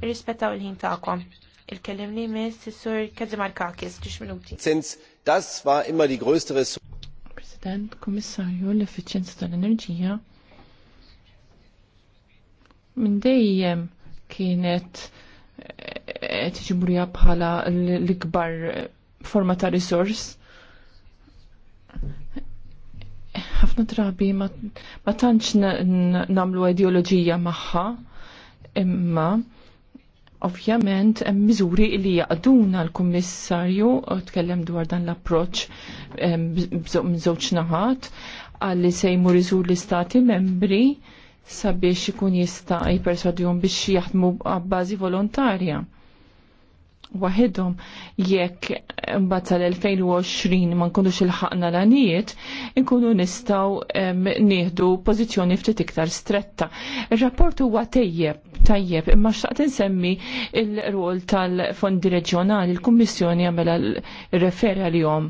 irrispettaw il-ħin tagħkom. Il-kellim li sur Kazimar Kakis, minuti. Since das war immer die größte Ressource. President, Kommissarju, l tal-enerġija minn dejjem kienet tiġimurja eh, bħala l-ikbar forma ta' risors. ħafna drabi ma tantx namlu ideoloġija magħha, imma ovvjament hemm miżuri li jaqduna l-Kummissarju tkellem dwar dan l-approċċ eh, minn żewġ naħat għalli se jmur l-istati membri sabiex ikun jista' jpersuadjum biex jaħdmu b'bażi volontarja waħedhom jekk mbagħad tal-2020 ma nkunux il-ħaqna l-għanijiet, inkunu nistgħu nieħdu pożizzjoni ftit iktar stretta. Ir-rapport huwa tejjeb tajjeb imma xtaqt insemmi il-rol tal-fondi reġjonali l-Kummissjoni għamela referja li jom.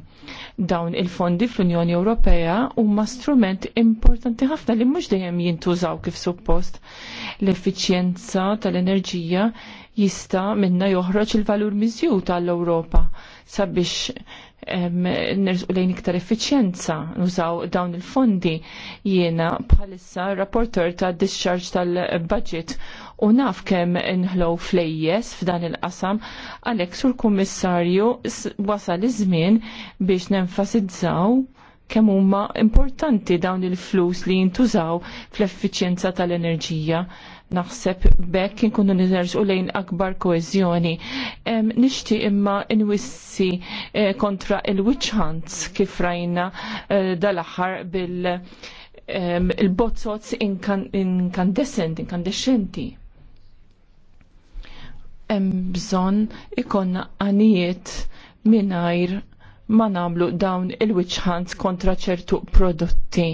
Dawn il-fondi fl-Unjoni Ewropea huma strument importanti ħafna li mhux dejjem jintużaw kif suppost l-effiċjenza tal-enerġija jista minna joħroġ il-valur miżju tal-Ewropa sabiex nerżqu lejn iktar effiċjenza nużaw dawn il-fondi jiena bħalissa rapporter ta' discharge tal-budget u naf kemm inħlow flejjes f'dan il-qasam għalhekk sur kummissarju wasal iż-żmien biex nenfasizzaw kemm huma importanti dawn il-flus li jintużaw fl-effiċjenza tal-enerġija Naħseb bekk inkunu nizerġu lejn akbar koezjoni. Nishti imma nwissi eh, kontra il-witch hunts kif rajna eh, dal-aħħar bil- bozzots inkandescent, inkandescenti. Hemm bżonn ikonna għanijiet mingħajr ma nagħmlu dawn il-witch hunts kontra ċertu prodotti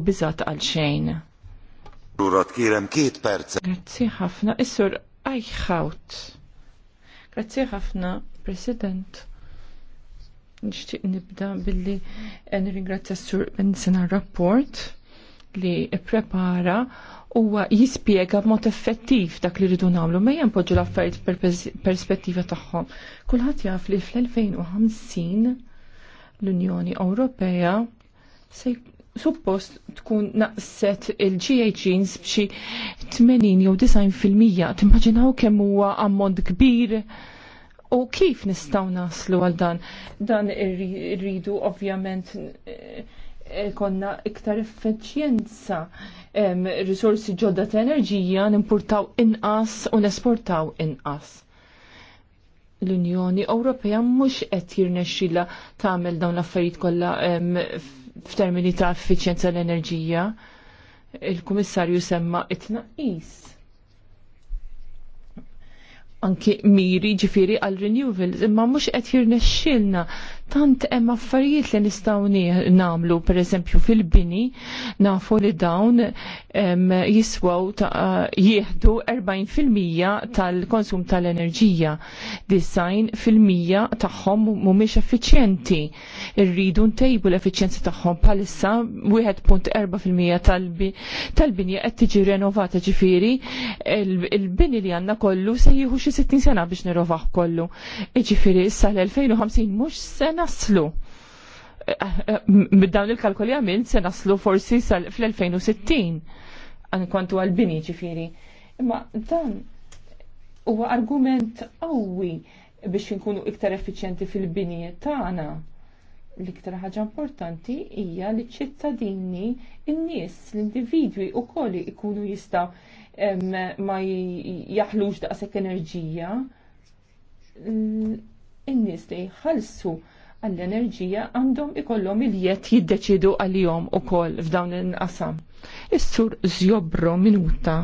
u bizat għal xejn. Urat kirem kiet perce. Grazzi ħafna, issur ajħawt. Grazzi ħafna, President. Nishtiq nibda billi eh, nirringrazzja s-sur Benzina rapport li prepara u jispjega b'mod effettiv dak li rridu nagħmlu mejja npoġġu l-affarijiet per perspettiva tagħhom. Kulħadd jaf li fl-2050 l-Unjoni Ewropea se suppost tkun naqset il jeans b'xi 80 jew 90% timmaġinaw kemm huwa ammont kbir u kif nistgħu naslu għal dan dan irridu ovvjament eh, konna iktar effiċjenza risorsi ġodda ta' enerġija nimpurtaw inqas u nesportaw inqas l-Unjoni Ewropea mhux qed jirnexxilha tagħmel dawn l-affarijiet kollha f'termini ta' effiċjenza l-enerġija, il-Kummissarju semma it-naqis. Anki miri ġifiri għal renewables, imma mux qed jirnexxilna tant hemm affarijiet li nistgħu nagħmlu, pereżempju fil-bini, nafu li dawn jiswaw jieħdu 40% tal-konsum tal-enerġija. Design fil-mija tagħhom mhumiex effiċjenti. Irridu ntejbu l-effiċjenza tagħhom bħalissa 1.4% tal-binja qed tiġi renovata ġifieri il-bini li għandna kollu se jieħu xi 60 sena biex nirovaħ kollu. Ġifiri issa l-2050 mhux se naslu bid-dawn il-kalkoli għamil se naslu forsi fl-2060 kontu għal-bini ġifiri. Imma dan huwa argument qawwi biex inkunu iktar effiċjenti fil-bini tagħna. L-iktar ħaġa importanti hija li ċittadini, n nies l-individwi wkoll ikunu jistgħu ma jaħlux daqshekk enerġija. In-nies li jħallsu għall-enerġija għandhom ikollhom il-jiet jiddeċidu għalihom ukoll f'dawn il-qasam. Is-sur zjobro minuta.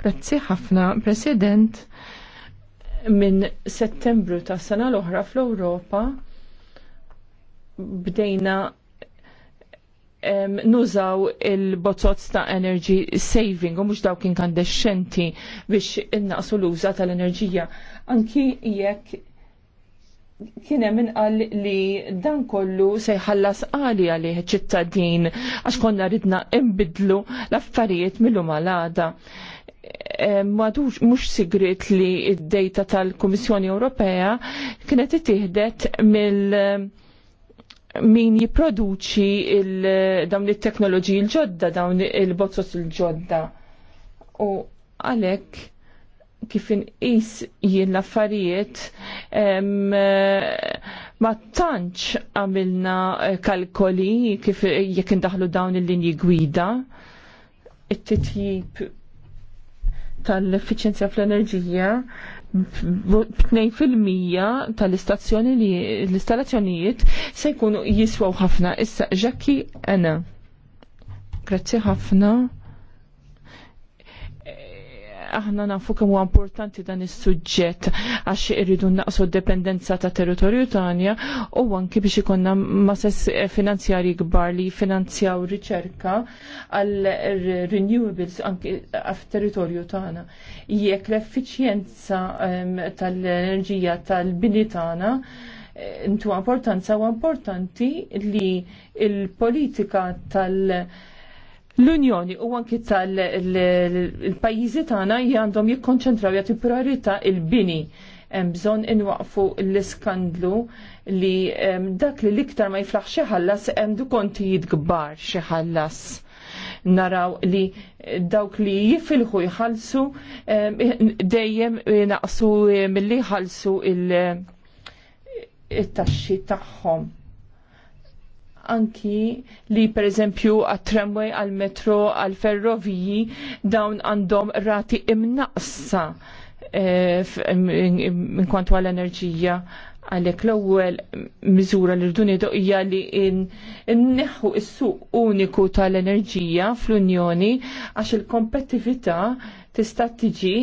Grazzi ħafna, President, minn settembru ta' sena l-oħra fl-Ewropa bdejna nużaw il-bozzot ta' energy saving u mux dawk inkandescenti biex innaqsu l-uża tal-enerġija. Anki jekk kienem qal li dan kollu se jħallas għali għali ċittadin għax konna ridna imbidlu l-affarijiet mill-lum e, Madux mux sigrit li id-dejta tal-Komissjoni Ewropea kienet tiħdet mill- min jiproduċi dawn it-teknoloġiji il ġodda dawn il-bozzos il-ġodda. U għalek kif inqis jien l-affarijiet ma tantx għamilna eh, kalkoli kif jekk indaħlu dawn il-linji gwida it-titjib tal-effiċenzja fl-enerġija b-2% tal-istazzjoni li l istallazzjonijiet se jkunu jiswaw ħafna. Issa, ġakki, ena. Grazzi ħafna aħna nafu kemm huwa importanti dan is-suġġett għax irridu naqsu d-dependenza ta' territorju tagħna u anki biex ikonna masess eh, finanzjari kbar li finanzjaw riċerka għal renewables anki f'territorju tagħna. Jekk l-effiċjenza ehm, tal-enerġija tal-bini tagħna intu eh, importanza u importanti li il-politika tal- l-Unjoni u anki tal-pajjiżi tagħna għandhom jikkonċentraw jagħti priorità il-bini hemm bżonn inwaqfu l-iskandlu li dak li l-iktar ma jiflaħ xi ħallas hemm du kontijiet kbar xi ħallas naraw li dawk li jifilħu jħalsu dejjem naqsu milli jħallsu il-taxxi tagħhom anki li per eżempju għat-tramway, għal-metro, għal-ferroviji dawn għandhom rati imnaqsa minn kwantu għall-enerġija Għalek l-ewwel miżura li irduni nieħdu li li nneħħu s-suq uniku tal-enerġija fl-Unjoni għax il-kompettività tista' tiġi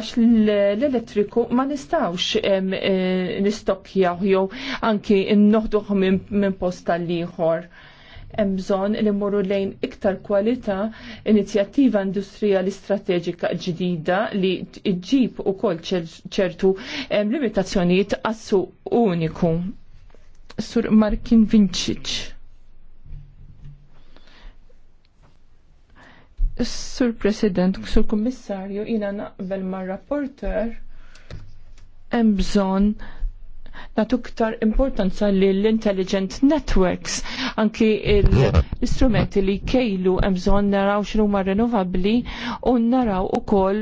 għax l-elettriku ma nistawx eh, nistokkjaw jew anki n-noħduħ minn post tal-ieħor hemm bżonn li mmorru lejn iktar kwalità inizjattiva industrijali strateġika ġdida li tġib ukoll ċertu limitazzjonijiet għassu uniku. Sur Markin Vincic. Sur President, Sur Kummissarju, jina naqbel mar rapporter, hemm bżonn natu ktar importanza li l-intelligent networks, anki l-istrumenti li kejlu emżon naraw xinu ma renovabli u naraw u kol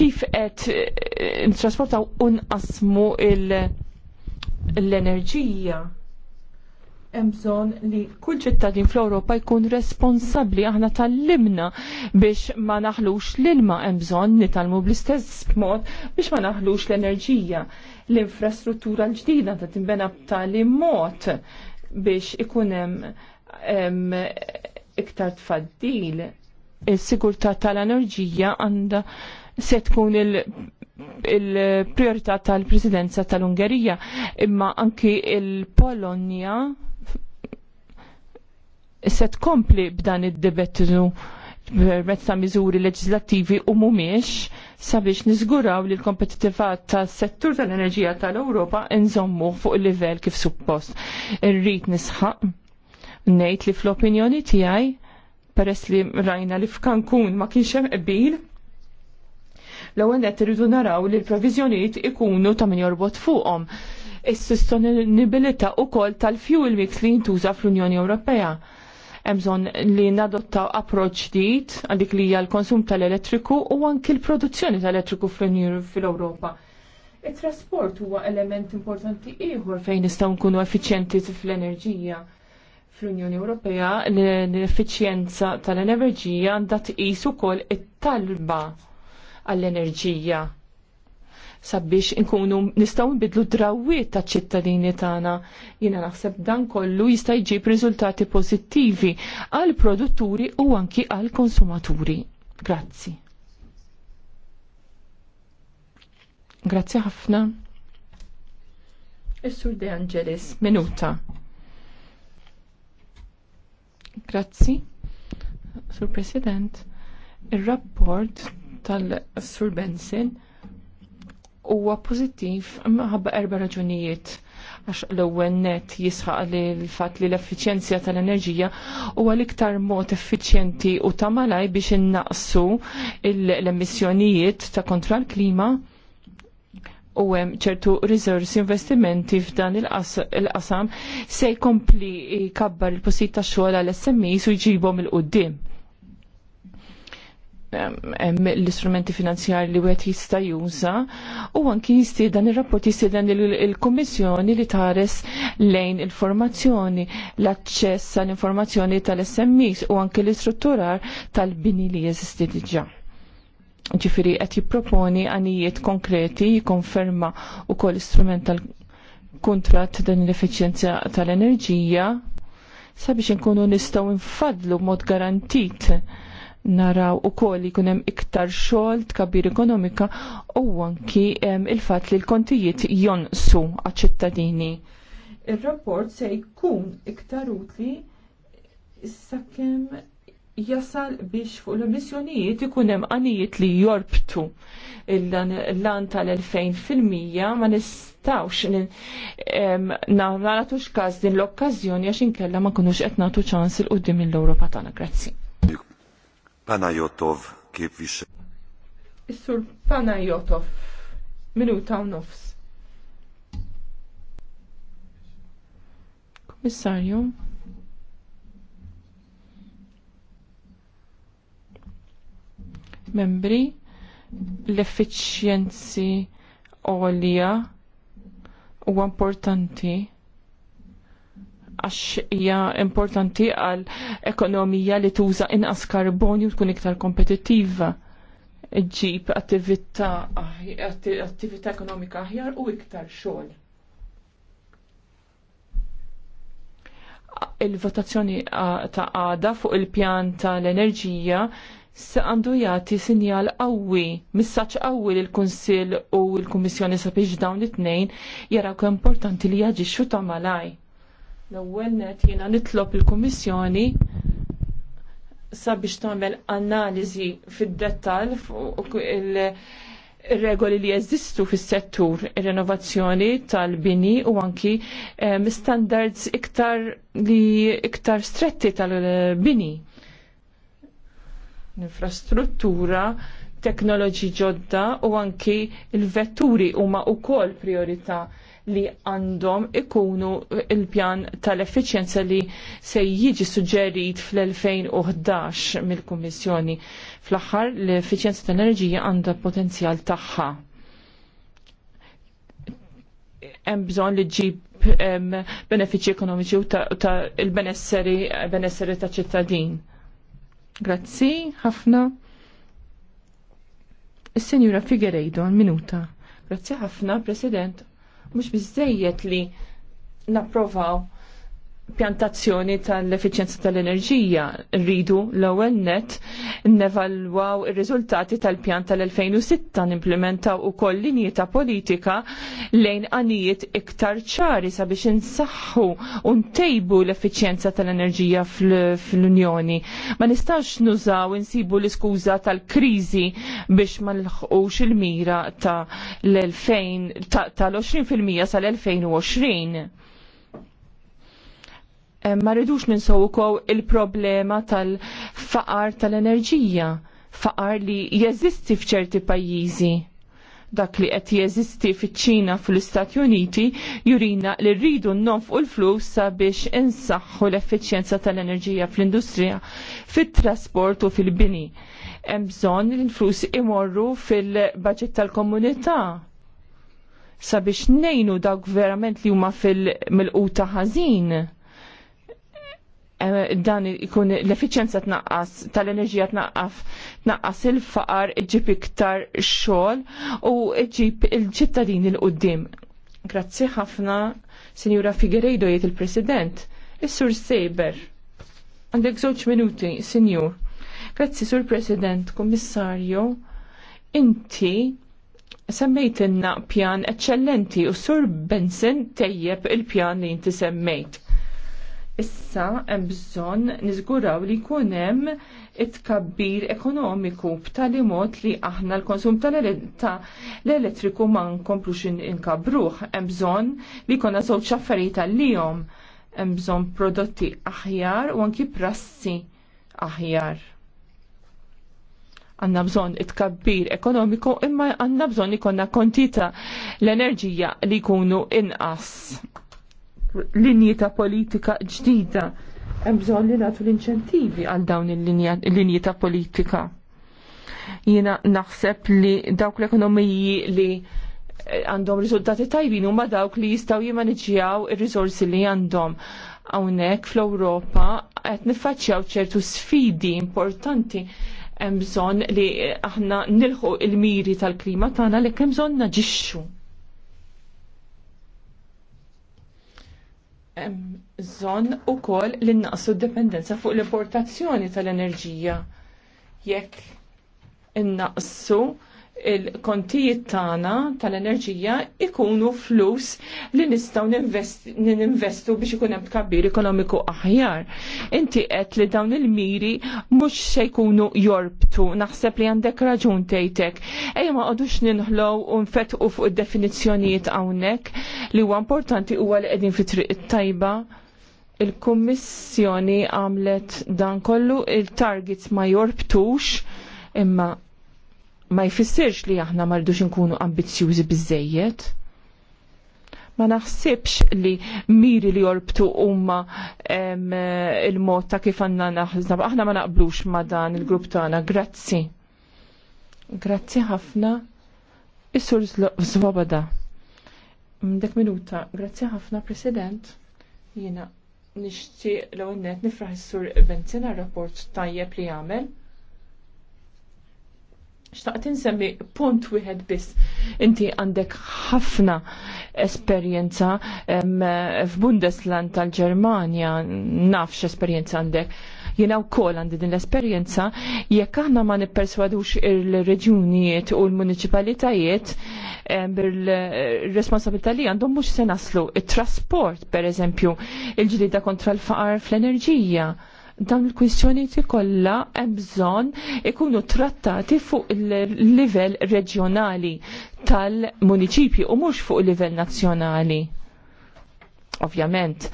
kif et eh, trasportaw unqasmu l-enerġija emżon li kull ċittadin fl-Europa jkun responsabli aħna tal-limna biex ma naħlux l-ilma emżon nitalmu bl-istess mod biex ma naħlux l-enerġija. L-infrastruttura l-ġdida ta' timbena b'tali mod biex ikunem iktar tfaddil. Il-sigurta tal-enerġija għanda se tkun il- il-priorità tal-presidenza tal-Ungerija, imma anki il-Polonja se tkompli b'dan id-debettu permezz ta' miżuri leġislattivi u mhumiex sabiex niżguraw li l kompetitiva tas settur tal-enerġija tal-Ewropa nżommu fuq il-livell kif suppost. Irrid nisħaq ngħid li fl-opinjoni tiegħi peress li rajna li f'Kankun ma kienx hemm qbil L-ewwel qed irridu naraw li l-proviżjonijiet ikunu ta' min jorbot fuqhom. Is-sostenibilità wkoll tal-fuel mix li jintuża fl-Unjoni Ewropea emżon li nadottaw approċ ġdid għal dik li hija l-konsum tal-elettriku u anki l-produzzjoni tal-elettriku fl ewropa Il-trasport huwa element importanti ieħor fejn nistgħu nkunu effiċjenti fl-enerġija. Fl-Unjoni Ewropea l-effiċjenza tal-enerġija għandha tqis ukoll it-talba għall-enerġija sabiex inkunu nistaw nbidlu drawiet ta' ċittadini tagħna. Jiena naħseb dan kollu jista' jġib riżultati pożittivi għal produtturi u anki għal konsumaturi. Grazzi. Grazzi ħafna. Is-Sur De Angelis, minuta. Grazzi. Sur President, il-rapport tal-Sur Benson huwa pożittiv ħabba erba raġunijiet għax l-ewwel net jisħaq li l-fatt li l-effiċjenzja tal-enerġija huwa l-iktar mod effiċjenti u ta' malaj biex innaqsu l-emissjonijiet ta' kontra l-klima u hemm ċertu riżorsi investimenti f'dan il-qasam se jkompli kabbar il-posit tax xogħol għal SMEs u jġibhom il-qudiem l-istrumenti finanzjari li wieħed jista' juża u anki dan ir-rapport jistieden il-Kummissjoni li tares lejn il-formazzjoni, l-aċċess għall-informazzjoni tal-SMEs u anki l-istrutturar tal-bini li jeżisti diġà. Ġifieri qed jipproponi għanijiet konkreti jikkonferma wkoll istrument tal-kuntratt dan l-effiċjenza tal-enerġija sabiex inkunu nistgħu nfadlu mod garantit naraw u koll li kunem iktar xogħol tkabbir ekonomika u anki il-fat li l-kontijiet jonsu għaċ-ċittadini. Il-rapport se jkun iktar utli s-sakem jasal biex fuq l-emissjonijiet ikun hemm għanijiet li jorbtu l-lan tal-2000% ma nistawx nagħtux każ din l-okkażjoni għax inkella ma kunux qed nagħtu ċans il qudiem mill europa tagħna. Grazzi. Panajotov képvisel. Is-sur Panajotov, minuta u nofs. Kommissarju. Membri, l-effiċjenzi olja huwa importanti għax hija importanti għal ekonomija li tuża inqas karbonju tkun iktar kompetittiva ġib attività attività ekonomika aħjar u iktar xogħol. Il-votazzjoni ta' għada fuq il-pjan tal-enerġija se għandu jagħti sinjal qawwi, missaċ qawwi l kunsill u l-Kummissjoni sabiex dawn it-tnejn jaraw importanti li jaġixxu ta' malaj. L-ewwel net jiena nitlob il-Kummissjoni sabiex tagħmel analiżi fid-dettall fuq il-regoli li jeżistu fis-settur ir-renovazzjoni tal-bini u anki ehm, standards iktar li iktar stretti tal-bini. Infrastruttura, teknoloġi ġodda u anki il-vetturi huma wkoll priorità' li għandhom ikunu il-pjan tal-effiċjenza li se jiġi suġġerit fl-2011 mill-Kummissjoni. Fl-aħħar l-effiċjenza tal-enerġija għandha potenzjal tagħha. Hemm bżonn li ġib benefiċi ekonomiċi u ta' il-benesseri ta' ċittadin. Grazzi, ħafna. Is-Sinjura Figueiredo, minuta. Grazzi ħafna, President mhux biżejjed li napprovaw pjantazzjoni tal-efficienza tal-enerġija rridu l-ewwel net nevalwaw ir-riżultati tal-pjan tal-2006 nimplementaw ukoll linji ta' politika lejn għanijiet iktar ċari sabiex insaħħu u ntejbu l-efficienza tal-enerġija fl-Unjoni. Ma nistax nużaw insibu l-iskuża tal-kriżi biex ma nilħqux il-mira ta' l tal-20% sal-2020 Eh, ma rridux ninsow ukoll il-problema tal-faqar tal-enerġija, faqar li jeżisti f'ċerti pajjiżi. Dak li qed jeżisti fiċ-Ċina fl-Istati Uniti jurina li rridu nnonfqu l-flus sabiex insaħħu l-effiċjenza tal-enerġija fl-industrija, fit-trasport u fil-bini. Hemm bżonn li l-flus imorru fil-baġit tal-komunità sabiex nejnu dawk verament li huma fil-milquta ħażin Eh, dan ikun l-efficienza tnaqqas tal-enerġija tnaqqas tnaqqas il-faqar iġib iktar xogħol u iġib il-ċittadin il qudiem Grazzi ħafna, Sinjura Figueiredo jgħid il-President, is-Sur Sejber. Għandek żewġ minuti, Sinjur. Grazzi, Sur President, Kummissarju, inti semmejt inna pjan eccellenti u Sur Benson tejjeb il-pjan li inti semmejt Issa hemm bżonn niżguraw li jkun hemm it-tkabbir ekonomiku b'tali mod li aħna l-konsum tal-elettriku ma nkomplux inkabruh. Hemm bżonn li jkollna żewġ affarijiet għalihom. Hemm bżonn prodotti aħjar u anki prassi aħjar għanna bżon it-kabbir ekonomiku imma għanna bżon ikonna kontita l-enerġija li jkunu inqas linji ta' politika ġdida. Hemm bżonn li nagħtu l-inċentivi għal dawn il-linji ta' politika. Jiena naħseb li dawk l-ekonomiji li eh, għandhom riżultati tajbin huma dawk li jistgħu jimaniġjaw ir-riżorsi li għandhom. Hawnhekk fl-Ewropa qed niffaċċjaw ċertu sfidi importanti hemm bżonn li aħna nilħu il-miri tal-klima tagħna li hemm bżonn naġixxu. Zon u kol li naqsu dipendenza fuq l-importazzjoni tal-enerġija. Jekk innaqsu il-kontijiet tagħna tal-enerġija ikunu flus li nistgħu ninvestu biex ikun hemm tkabbir ekonomiku aħjar. Inti qed li dawn il-miri mhux se jkunu jorbtu, naħseb li għandek raġun tgħidek. Ejja ma qogħdux ninħlow u nfetqu fuq id-definizzjonijiet hawnhekk li huwa importanti huwa li qegħdin fi triq tajba il-Kummissjoni għamlet dan kollu, il-targets ma jorbtux, imma ma jfissirx li aħna rridux inkunu ambizzjużi biżejjed. Ma naħsibx li miri li jorbtu umma il-mod ta' kif għanna naħzna. Aħna ma naqblux ma dan il-grupp tagħna. Grazzi. Grazzi ħafna. Is-sur Mdek minuta. Grazzi ħafna, President. Jiena nixtieq l-għonnet nifraħ is-sur Benzina rapport tajjeb li għamel Xtaqt insemmi punt wieħed biss. Inti għandek ħafna esperjenza f'Bundesland tal-Ġermanja, nafx esperjenza għandek. Jiena wkoll għandi din l-esperjenza, jekk aħna ma nipperswadux il-reġunijiet u l-municipalitajiet bil-responsabilità li għandhom mhux se naslu. it trasport pereżempju, il-ġdida kontra l-faqar fl-enerġija dawn il-kwistjonijiet kollha hemm bżonn ikunu trattati fuq il-livell reġjonali tal-municipji u mhux fuq il-livell nazzjonali. Ovvjament,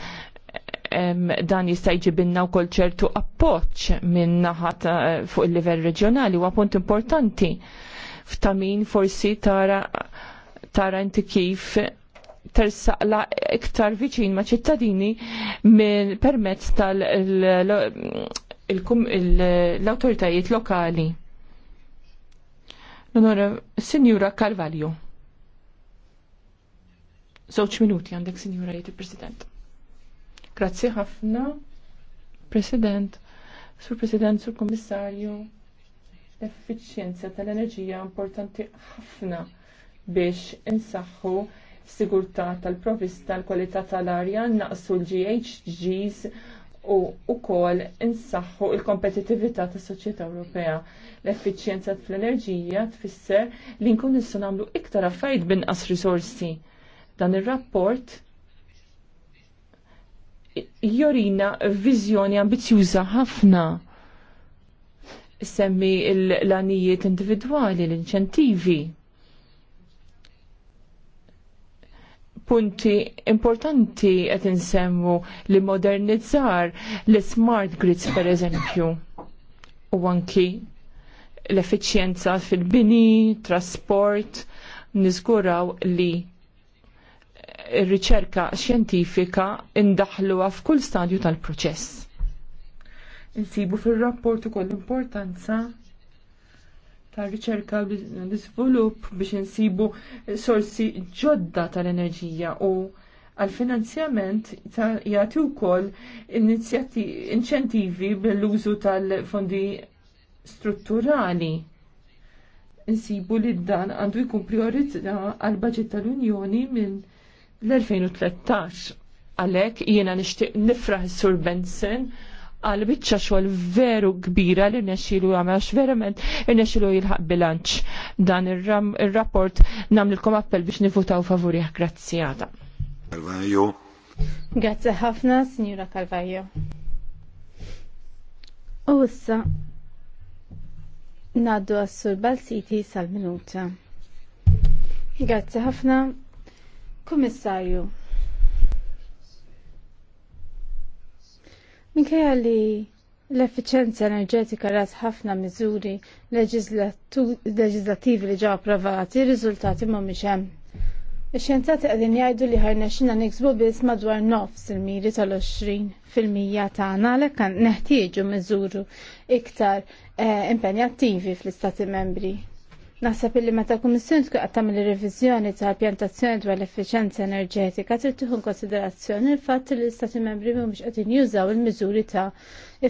dan jista' jġibilna wkoll ċertu appoġġ minn naħat fuq il-livell reġjonali huwa punt importanti f'tamin forsi tara tara inti kif tersaqla iktar viċin ma' ċittadini minn permezz tal-autoritajiet lokali. L-onora, Signora Carvalho. Zoċ minuti għandek, Signora, jieti President. Grazzi ħafna, President, Sur President, Sur Komissarju. L-effiċjenza tal-enerġija importanti ħafna biex insaħħu sigurtà tal-provista tal-kwalità tal-arja, naqsu l-GHGs u wkoll insaħħu l kompetitività tas soċjetà Ewropea. L-effiċjenza fl-enerġija tfisser li nkun nistgħu nagħmlu iktar affarijiet binqas risorsi. Dan ir-rapport jorina viżjoni ambizjuża ħafna semmi l anijiet individwali, l-inċentivi. punti importanti qed insemmu li modernizzar l-smart grids per eżempju u anki l-effiċjenza fil-bini, trasport, niżguraw li il riċerka xjentifika indaħluha f'kull stadju tal-proċess. Insibu fil-rapport ukoll importanza tal-riċerka l-iżvilupp biex insibu sorsi ġodda tal-enerġija u għal-finanzjament jagħti wkoll inċentivi bil-użu tal-fondi strutturali. Insibu li dan għandu jkun priorità għal baġit tal-Unjoni minn l-2013. Għalhekk jiena nixtieq nifraħ sur Benson għal bicċa xogħol veru kbira li rnexxielu jagħmel għax verament rnexxielu jilħaq bilanċ dan ir-rapport nagħmlilkom appell biex nifutaw favorih grazzjata. Calvajo. Grazzi ħafna, Signora Calvajo. U issa naddu għassur bal-siti sal-minuta. Grazzi ħafna, Kummissarju. Minkejja li l efficienza enerġetika ras ħafna miżuri leġislattivi li ġew approvati, riżultati mhumiex hemm. Ix-xjenzati qegħdin jgħidu li ħarnexxina niksbu biss madwar nofs il-miri tal-20 fil-mija tagħna għalhekk neħtieġu miżuru iktar eh, impenjattivi fl-Istati Membri Naħseb illi meta kummissjoni tkun qed tagħmel ir-reviżjoni tal-pjantazzjoni dwar l-effiċenza enerġetika trid tieħu konsiderazzjoni l-fatt li l-Istati Membri mhumiex qegħdin jużaw il-miżuri ta'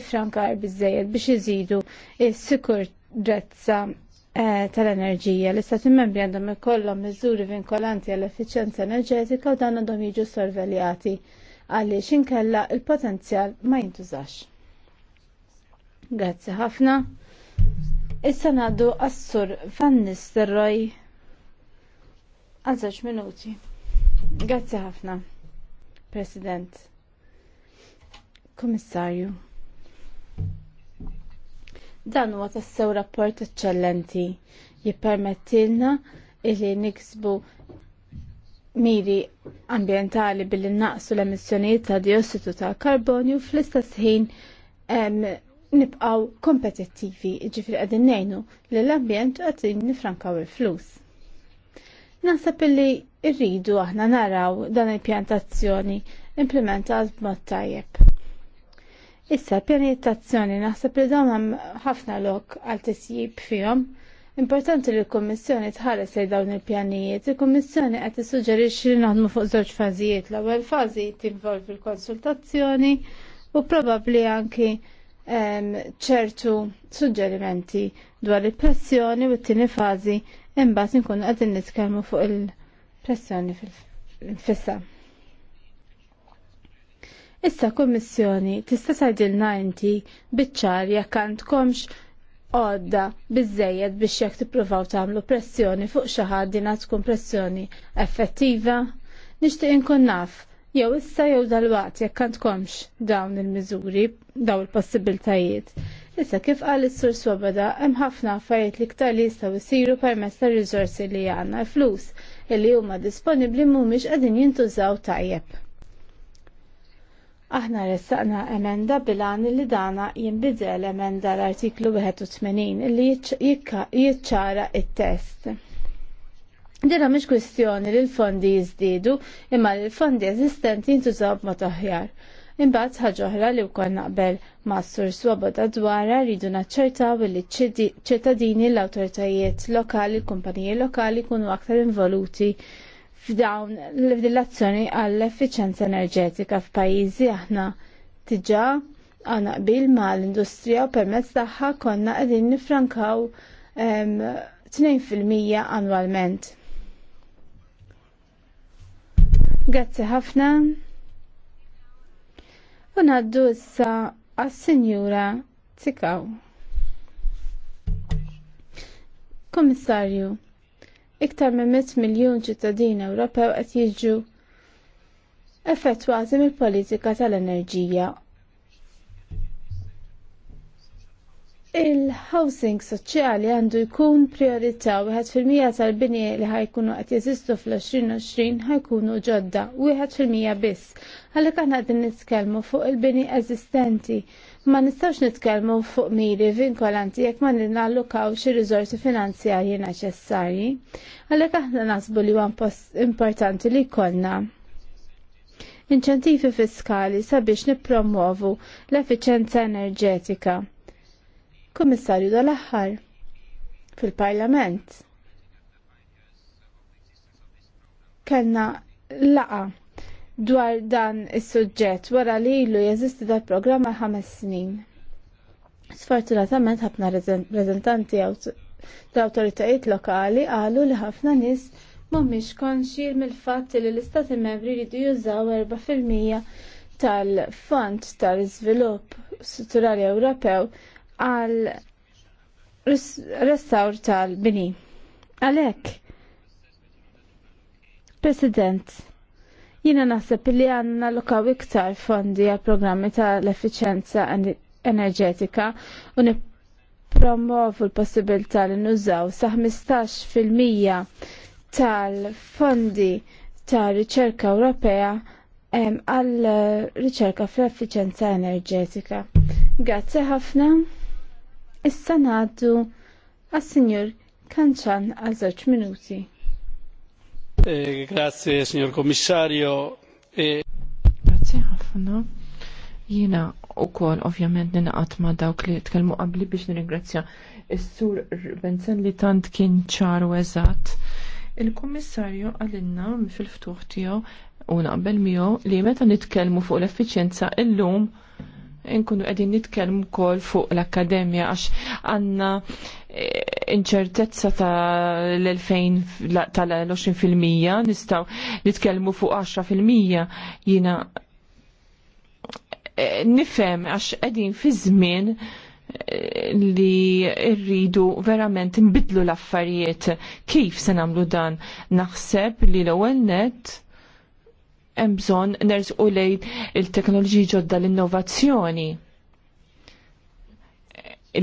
ifrankar biżejjed biex iżidu s-sikurezza eh, tal-enerġija. L-Istati Membri għandhom ikollhom miżuri vinkolanti għall-effiċenza enerġetika u dan għandhom jiġu sorveljati għaliex inkella il-potenzjal ma jintużax. Grazzi ħafna. Issa ngħaddu għas fan Van Nistelrooy għal żewġ minuti. Grazzi ħafna, President. Komissarju. Dan huwa tassew rapport eċċellenti jippermettilna illi niksbu miri ambientali billi naqsu l-emissjonijiet ta' diossidu ta' karbonju fl-istess ħin nibqaw kompetittivi ġifri għadin nejnu li l-ambjent għadin nifrankaw il-flus. Nasab li irridu aħna naraw dan il-pjantazzjoni implementat b'mod tajjeb. Issa pjanitazzjoni naħseb li dawn hemm ħafna lok għal tisjib fihom. Importanti li l-Kummissjoni tħares li dawn il-pjanijiet. Il-Kummissjoni qed tissuġġerixxi li naħdmu fuq żewġ fażijiet. L-ewwel fażi tinvolvi l-konsultazzjoni u probabbli anki ċertu suġġerimenti dwar il-pressjoni u t-tini fazi imbagħad nkunu qegħdin nitkellmu fuq il-pressjoni fil-fissa. Issa kummissjoni tista' sajdilna inti biċ-ċar jekk għandkomx għodda bizzejed biex jekk tippruvaw tagħmlu pressjoni fuq xi ħadd tkun pressjoni effettiva, nixtieq inkun naf jew issa jew dalwaqt jekk għandkomx dawn il-miżuri, dawn il-possibiltajiet. Issa kif qal is-sur Swoboda hemm ħafna affarijiet li ktar li jistgħu jsiru permezz tar-riżorsi li għandna flus illi huma disponibbli mhumiex qegħdin jintużaw tajjeb. Aħna ressaqna emenda bilan li dana jinbidel emenda l-artiklu 81 li jitċara it-test. Dira mhix kwestjoni li l-fondi jiżdiedu imma li l-fondi eżistenti jintużaw b'mod aħjar. Imbagħad ħaġa oħra li wkoll naqbel ma' sur swoboda dwarha rridu naċċertaw li ċittadini l-awtoritajiet lokali, l-kumpaniji lokali jkunu aktar involuti f'dawn l-azzjoni għall-effiċenza enerġetika f'pajjiżi aħna diġà għana qbil ma' l-industrija u permezz tagħha konna qegħdin nifrankaw 2% ehm, annwalment. Grazzi ħafna. U naddu issa għas-Sinjura Tikaw. Komissarju, iktar minn 100 miljun ċittadin Ewropew qed jiġu effettwati mill-politika tal-enerġija Il-housing soċjali għandu jkun priorità wieħed fil-mija tal-bini li ħajkunu qed jeżistu fl-2020 ħajkunu ġodda, wieħed fil-mija biss. Għalhekk aħna qegħdin nitkellmu fuq il-bini eżistenti. Ma nistgħux nitkellmu fuq miri vinkolanti jekk ma ninallukaw xie riżorsi finanzjarji neċessarji. Għalhekk aħna naħsbu li huwa importanti li jkollna inċentivi fiskali sabiex nippromovu l efficienza enerġetika kummissarju dal-aħħar fil-Parlament. Kellna laqa dwar dan is-suġġett wara li ilu jeżisti dal-programm għal ħames snin. Sfortunatament ħafna reprezentanti tal-awtoritajiet lokali qalu li ħafna nies mhumiex konxir mill-fatt li l-istati membri jridu jużaw 4% tal-Fond tal-Iżvilupp Strutturali Ewropew għal restawr tal-bini. Għalek, President, jina naħseb li għanna lukaw iktar fondi għal programmi tal-efficienza enerġetika u nipromovu l-possibilità li nużaw sa' 15% tal-fondi tal-riċerka Ewropea għal riċerka fl-efficienza enerġetika. Grazie ħafna. Issa ngħaddu għas-Sinjur Kanċan għal żewġ minuti. Eh, grazie, signor Kommissarju. Eh, grazie ħafna. Jiena wkoll ovvjament ninaqat ma dawk li tkellmu qabli biex nirringrazzja is-sur Benzen li tant kien ċaru eżatt. Il-Kummissarju għalinna fil-ftuħ tiegħu u naqbel miegħu li meta nitkellmu fuq l-effiċjenza illum lum nkunu qegħdin nitkellmu wkoll fuq l-akkademja għax għandna eh, inċertezza ta' l-2000 l 20 nistgħu nitkellmu fuq 10% jiena eh, nifhem għax qegħdin fi żmien eh, li rridu verament nbidlu l-affarijiet. Kif se nagħmlu dan? Naħseb li l-ewwel net hemm bżonn nerżqu lejn il-teknoloġiji ġodda l-innovazzjoni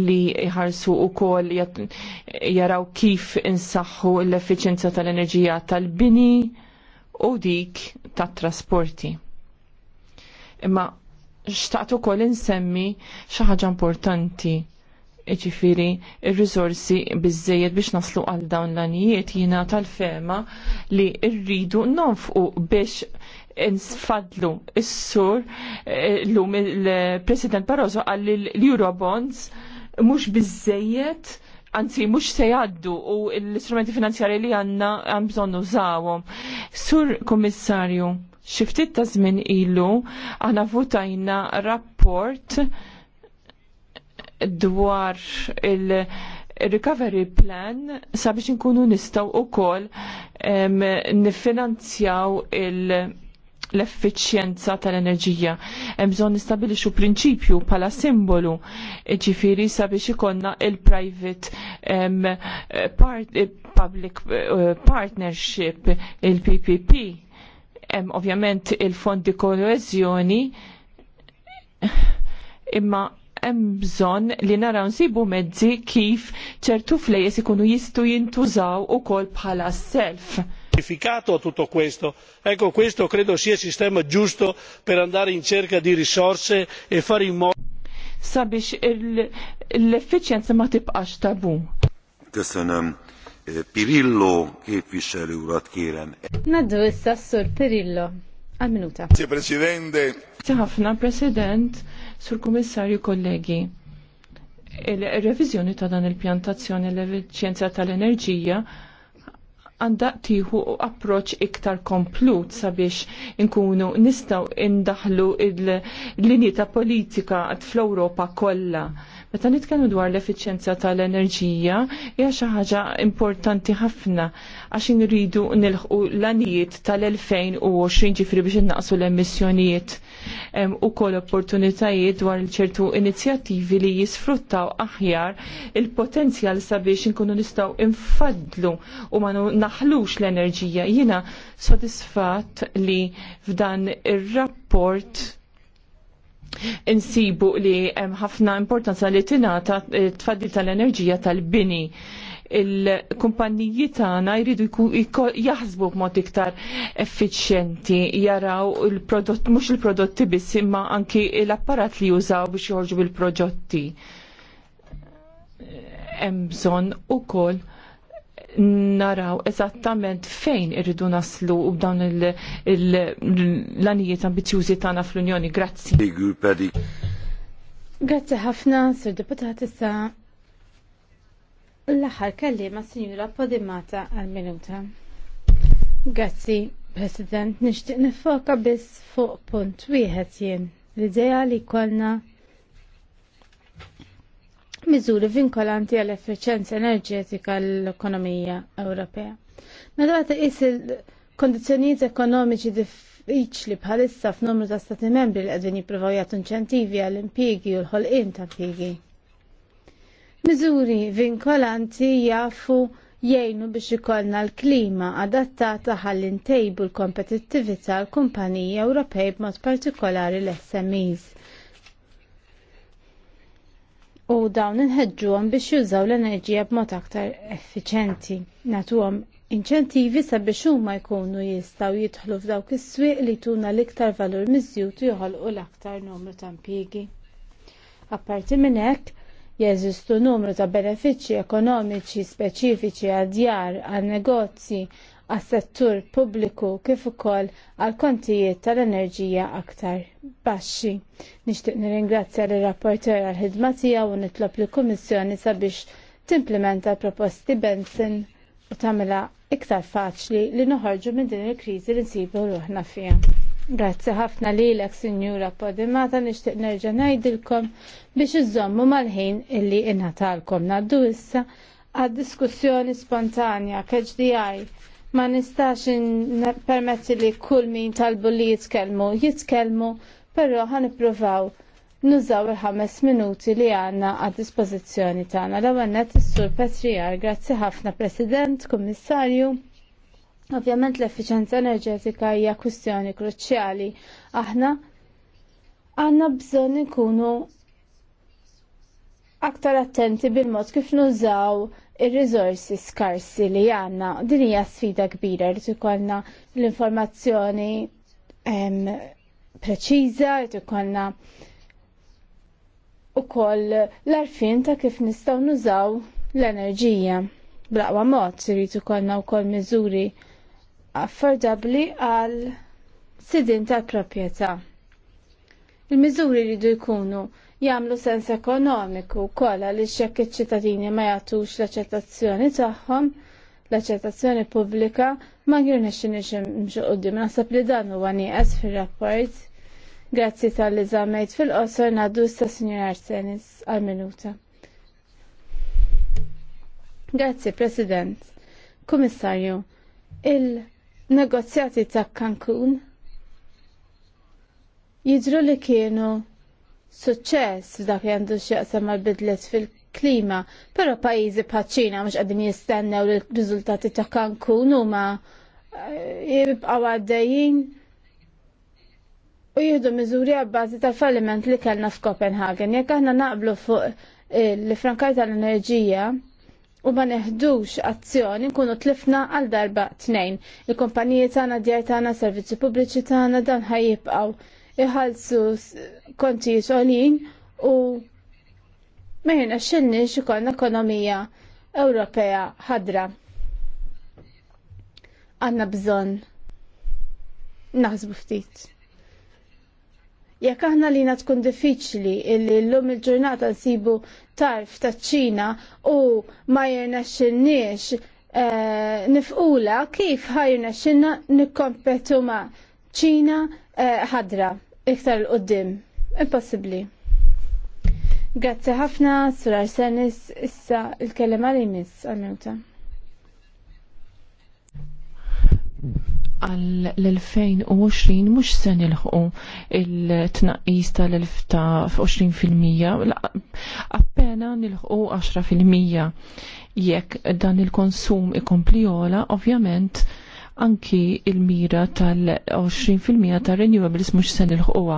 li jħarsu u kol jaraw kif insaxħu l efficienza tal-enerġija tal-bini u dik tat trasporti. Imma xtaqt u kol insemmi xaħġa importanti iġifiri il-rizorsi bizzejed biex naslu għal dawn l-anijiet jina tal-fema li rridu nonfqu biex insfadlu is-sur eh, l-lum il-President Barroso għall l-Eurobonds mux bizzejiet anzi mux se jaddu u l-istrumenti finanzjari li għanna għambżonnu bżonnu zawom. Sur komissarju, xiftit ta' żmien ilu għana votajna rapport dwar il- recovery plan sabiex nkunu nistaw u kol nifinanzjaw il- l-effiċjenza tal-enerġija. Hemm bżonn nistabilixu prinċipju bħala simbolu ġifieri sabiex ikonna il-private um, part, eh, public uh, partnership, il-PPP. Hemm ovvjament il-fondi koeżjoni imma hemm bżonn li naraw nsibu mezzi kif ċertu flejes ikunu jistgħu jintużaw ukoll bħala self semplificato tutto questo. ecco questo credo sia il sistema giusto per andare in cerca di risorse e fare in modo sabiex l efficienza ma tibqax tabu. Köszönöm. Eh, Pirillo képviselő urat kérem. Naddu issa sur Pirillo. Għal minuta. Grazie Presidente. Ħafna President, sur Kummissarju kollegi. Il-revizjoni ta' dan il-pjantazzjoni l efficienza tal-enerġija tiħu tieħu approċ iktar komplut sabiex inkunu nistgħu indaħlu il-linji ta' politika fl-Ewropa kollha Meta nitkellmu dwar l-effiċjenza tal-enerġija hija xi ħaġa importanti ħafna għax inridu nilħqu l-anijiet tal-2020 ġifri biex innaqsu l-emissjonijiet ukoll opportunitajiet dwar ċertu inizjattivi li jisfruttaw aħjar il-potenzjal sabiex inkunu nistgħu infadlu u ma naħlux l-enerġija. Jiena sodisfatt li f'dan ir-rapport insibu li hemm ħafna importanza li tingħata eh, tfaddil tal-enerġija tal-bini il-kumpanniji tagħna jridu jaħsbu b'mod iktar effiċjenti jaraw il-prodott mhux il-prodotti biss imma anki l-apparat li jużaw biex joħorġu bil-proġotti. Eh, hemm bżonn ukoll naraw eżattament fejn irridu naslu u b'dawn l-anijiet ambizjużi tagħna fl-Unjoni. Grazzi. Grazzi ħafna, Sir Deputat issa l-aħħar kellima Sinjura Podimata għal-minuta. Grazzi, President, nixtieq nifoka biss fuq punt wieħed jien l-idea li kollna miżuri vinkolanti għall efficienza enerġetika l-ekonomija Ewropea. Meta għata is il-kondizjonijiet ekonomiċi diffiċli bħalissa f'numru ta' stati membri li qegħdin jippruvaw jagħtu inċentivi għall-impjiegi u l-ħolqien ta' impjiegi. Miżuri vinkolanti jafu jgħinu biex ikollna l-klima adattata ħalli intejbu l-kompetittività l-kumpaniji Ewropej b'mod partikolari l-SMEs u dawn inħeġġuhom biex jużaw l-enerġija b'mod aktar effiċenti. Natuhom inċentivi sabiex huma jkunu jistgħu jidħlu f'dawk is-swieq li tuna l-iktar valur miżjud u joħolqu l-aktar numru ta' impjiegi. Apparti minn hekk, jeżistu numru ta' benefiċċji ekonomiċi speċifiċi għad-djar, għan-negozji, għas-settur pubbliku kif ukoll għal kontijiet tal-enerġija aktar baxxi. Nixtieq nirringrazzja lir rapporter għal ħidma tiegħu u nitlob lill kummissjoni sabiex timplementa proposti Benson u tagħmilha iktar faċli li noħorġu minn din il-kriżi li nsibu ruħna fiha. Grazzi ħafna lilek, Sinjura Podimata, nixtieq nerġa' ngħidilkom biex iżommu mal-ħin illi inħatalkom naddu issa għad diskussjoni spontanja KHDI ma nistax permetti li kull min talbu li jitkellmu jitkelmu, però għan ippruvaw nużaw il-ħames minuti li għanna għad dispożizzjoni tagħna. L-ewwel s is-Sur Patriar, grazzi ħafna President, Kummissarju. Ovvjament l efficienza enerġetika hija kwistjoni kruċjali. Aħna għanna bżonn ikunu aktar attenti bil-mod kif nużaw ir-riżorsi skarsi li għanna. Din hija sfida kbira li ikollna l-informazzjoni preċiża, li ikollna ukoll l-arfin ta' kif nistgħu nużaw l-enerġija. Blaqwa mod irid ikollna wkoll miżuri affordabbli għal sidin tal-proprjetà. Il-miżuri jridu jkunu jagħmlu sens ekonomiku wkoll għaliex xekk iċ-ċittadini ma jagħtux l-aċċettazzjoni tagħhom l-aċċettazzjoni pubblika ma jirnex niximxu qudiem. Naħseb li dan huwa nieqes fir-rapport. Grazzi tal-li żammejt fil-qosor ngħaddu sa' Sinjor Arsenis għal-minuta. Grazzi, President. Kummissarju, il-negozjati ta' Cancun jidru li kienu suċċess f'dak li għandu x'jaqsam mal-bidlet fil-klima, però pajjiżi bħaċ mhux qegħdin jistennew l riżultati ta' Cancun huma eh, jibqgħu għaddejjin u jieħdu miżuri għall-bażi tal-falliment li kellna f'Copenhagen. Jekk aħna naqblu fuq eh, l-frankar tal-enerġija, u ma neħdux azzjoni nkunu tlifna għal darba tnejn. Il-kumpaniji tagħna djar tagħna, servizzi pubbliċi tagħna dan ħajjibqgħu iħallsu konti solin u ma jirnaxxilni xikon ekonomija Ewropea ħadra. Għanna bżon naħsbu ftit. Jekk aħna li tkun diffiċli illi l-lum il-ġurnata nsibu tarf ta' ċina u ma e, nifqula kif ħajna xinna nikkompetu ma' ċina Eh, ħadra iktar l-qoddim. Impossibbli. Grazzi ħafna, Sur Arsenis, issa il kellem li jmiss għal-minuta. għal l-2020 mux se nilħu il-tnaqis tal-1000 ta' 20% appena nilħu 10% jekk dan il-konsum ikompli jola ovvjament anki il-mira tal-20% ta' renewables mhux se nilħquha.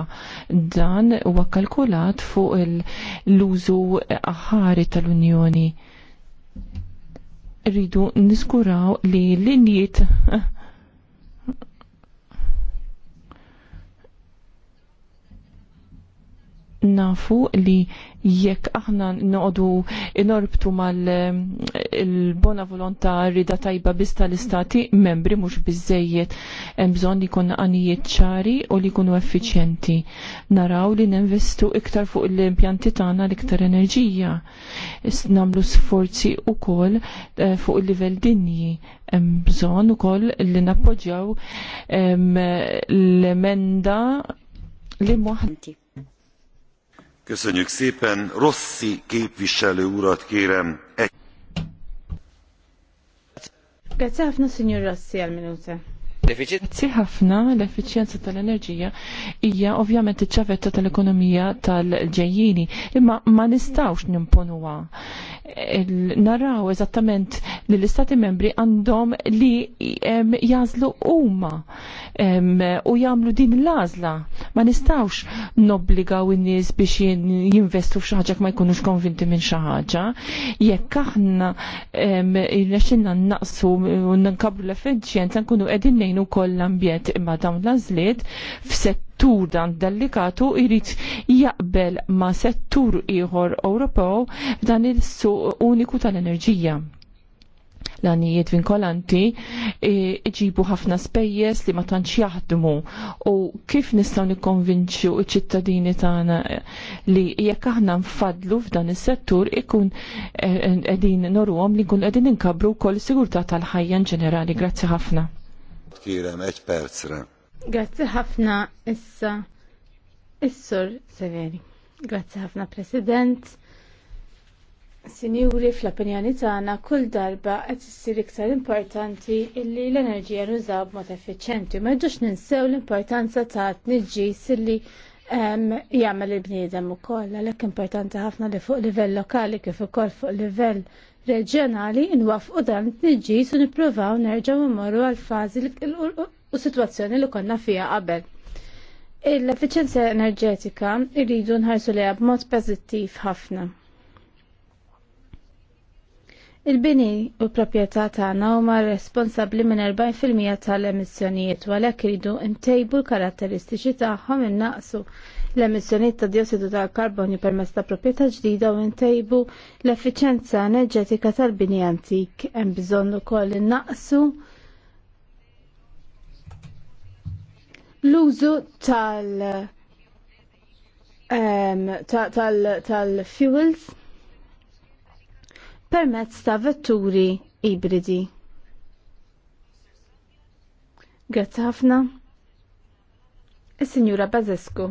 Dan huwa kalkulat fuq l-użu aħari tal-Unjoni. Rridu niskuraw li l injiet nafu li jekk aħna noqogħdu norbtu mal-bona il volontà rida tajba biss tal-istati membri mhux biżejjed hemm bżonn li jkun għanijiet ċari u li jkunu effiċjenti. Naraw li ninvestu iktar fuq l-impjanti tagħna l-iktar enerġija. Namlu sforzi wkoll eh, fuq il-livell dinji hemm bżonn ukoll li nappoġġjaw l-emenda li moħħanti Köszönjük szépen. Rossi képviselő urat kérem. Egy... Grazie ħafna, signor Rossi, għal minuta. Grazzi ħafna l-effiċjenza tal-enerġija hija ovvjament iċ-ċavetta tal-ekonomija tal-ġejjini, imma ma nistawx nimponuha. Naraw eżattament li l-Istati membri għandhom li jażlu huma u jagħmlu din l-għażla. Ma nistawx nobbligaw in-nies biex jinvestu f'xi ħaġa ma jkunux konvinti minn xi ħaġa. Jekk aħna naqsu u nkabru l-effiċjenza nkunu qegħdin ħażin ukoll l-ambjent imma dawn l-għażliet f'settur dan delikatu jrid jaqbel ma' settur ieħor Ewropew dan il-suq uniku tal-enerġija l-għanijiet vinkolanti e, iġibu ħafna spejjes li ma tantx jaħdmu u kif nistgħu nikkonvinċu ċ-ċittadini tagħna li jekk aħna nfadlu f'dan is-settur ikun e, e, qegħdin norruhom li nkun qegħdin inkabru wkoll sigurtà tal-ħajja ġenerali. Grazzi ħafna szót Grazie ħafna issa Is-Sur Severi. Grazzi ħafna President. Sinjuri, fl-opinjoni tagħna kull darba qed issir iktar importanti illi l-enerġija nużaw b'mod effiċjenti. Ma rġux ninsew l-importanza ta' tniġġis illi jagħmel il-bniedem ukoll, għalhekk importanti ħafna li fuq livell lokali kif ukoll fuq livell reġjonali nwafqu dan t-nġis u nippruvaw nerġaw immorru għal fażi u situazzjoni li konna fija qabel. L-efficienza enerġetika irridu nħarsu liha b'mod pożittiv ħafna. Il-bini u proprjetà tagħna huma responsabbli minn 40% tal-emissjonijiet u għalhekk iridu ntejbu l-karatteristiċi tagħhom innaqsu naqsu l-emissjonijiet ta' diossidu ta' karbonju permezz ta' proprjetà ġdida u ntejbu l-effiċenza enerġetika tal-bini antik. Hemm bżonn ukoll innaqsu l-użu tal- tal-fuels permezz ta' vetturi ibridi. Grazzi ħafna. Is-Sinjura Bazescu.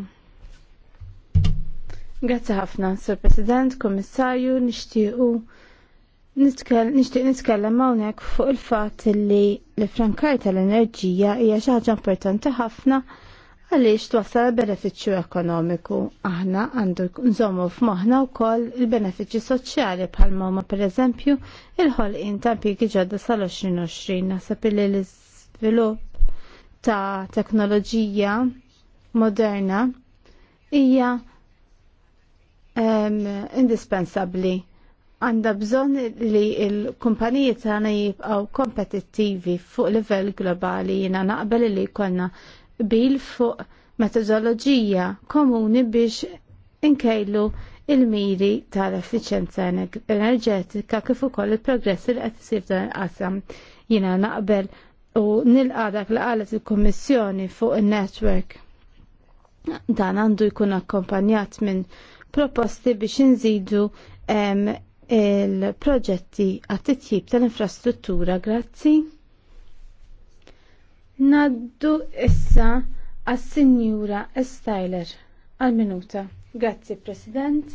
Grazzi ħafna, Sur President, Kommissarju, nixtiequ Nixtieq nitkellem hawnhekk fuq il-fatt li l-frankar tal-enerġija hija xi ħaġa importanti ħafna għaliex twassal benefiċċju ekonomiku. Aħna għandu nżommu f'moħħna wkoll il-benefiċċji soċjali bħal huma pereżempju il-ħolqien ta' piki ġodda sal-2020 naħseb li l-iżvilupp ta' teknoloġija moderna hija indispensabbli għanda bżon li il-kumpaniji tagħna jibqgħu kompetittivi fuq livell globali jiena naqbel li jkollna bil fuq metodologija komuni biex inkejlu il-miri tal efficienza enerġetika kif ukoll il-progress li qed isir dan il-qasam Jina naqbel u nilqadak li qalet il-Kummissjoni fuq in netwerk Dan għandu jkun akkompanjat minn proposti biex inżidu il-proġetti għat-titjib tal-infrastruttura. Grazzi. Naddu issa għas-Sinjura Styler għal-minuta. Grazzi, President.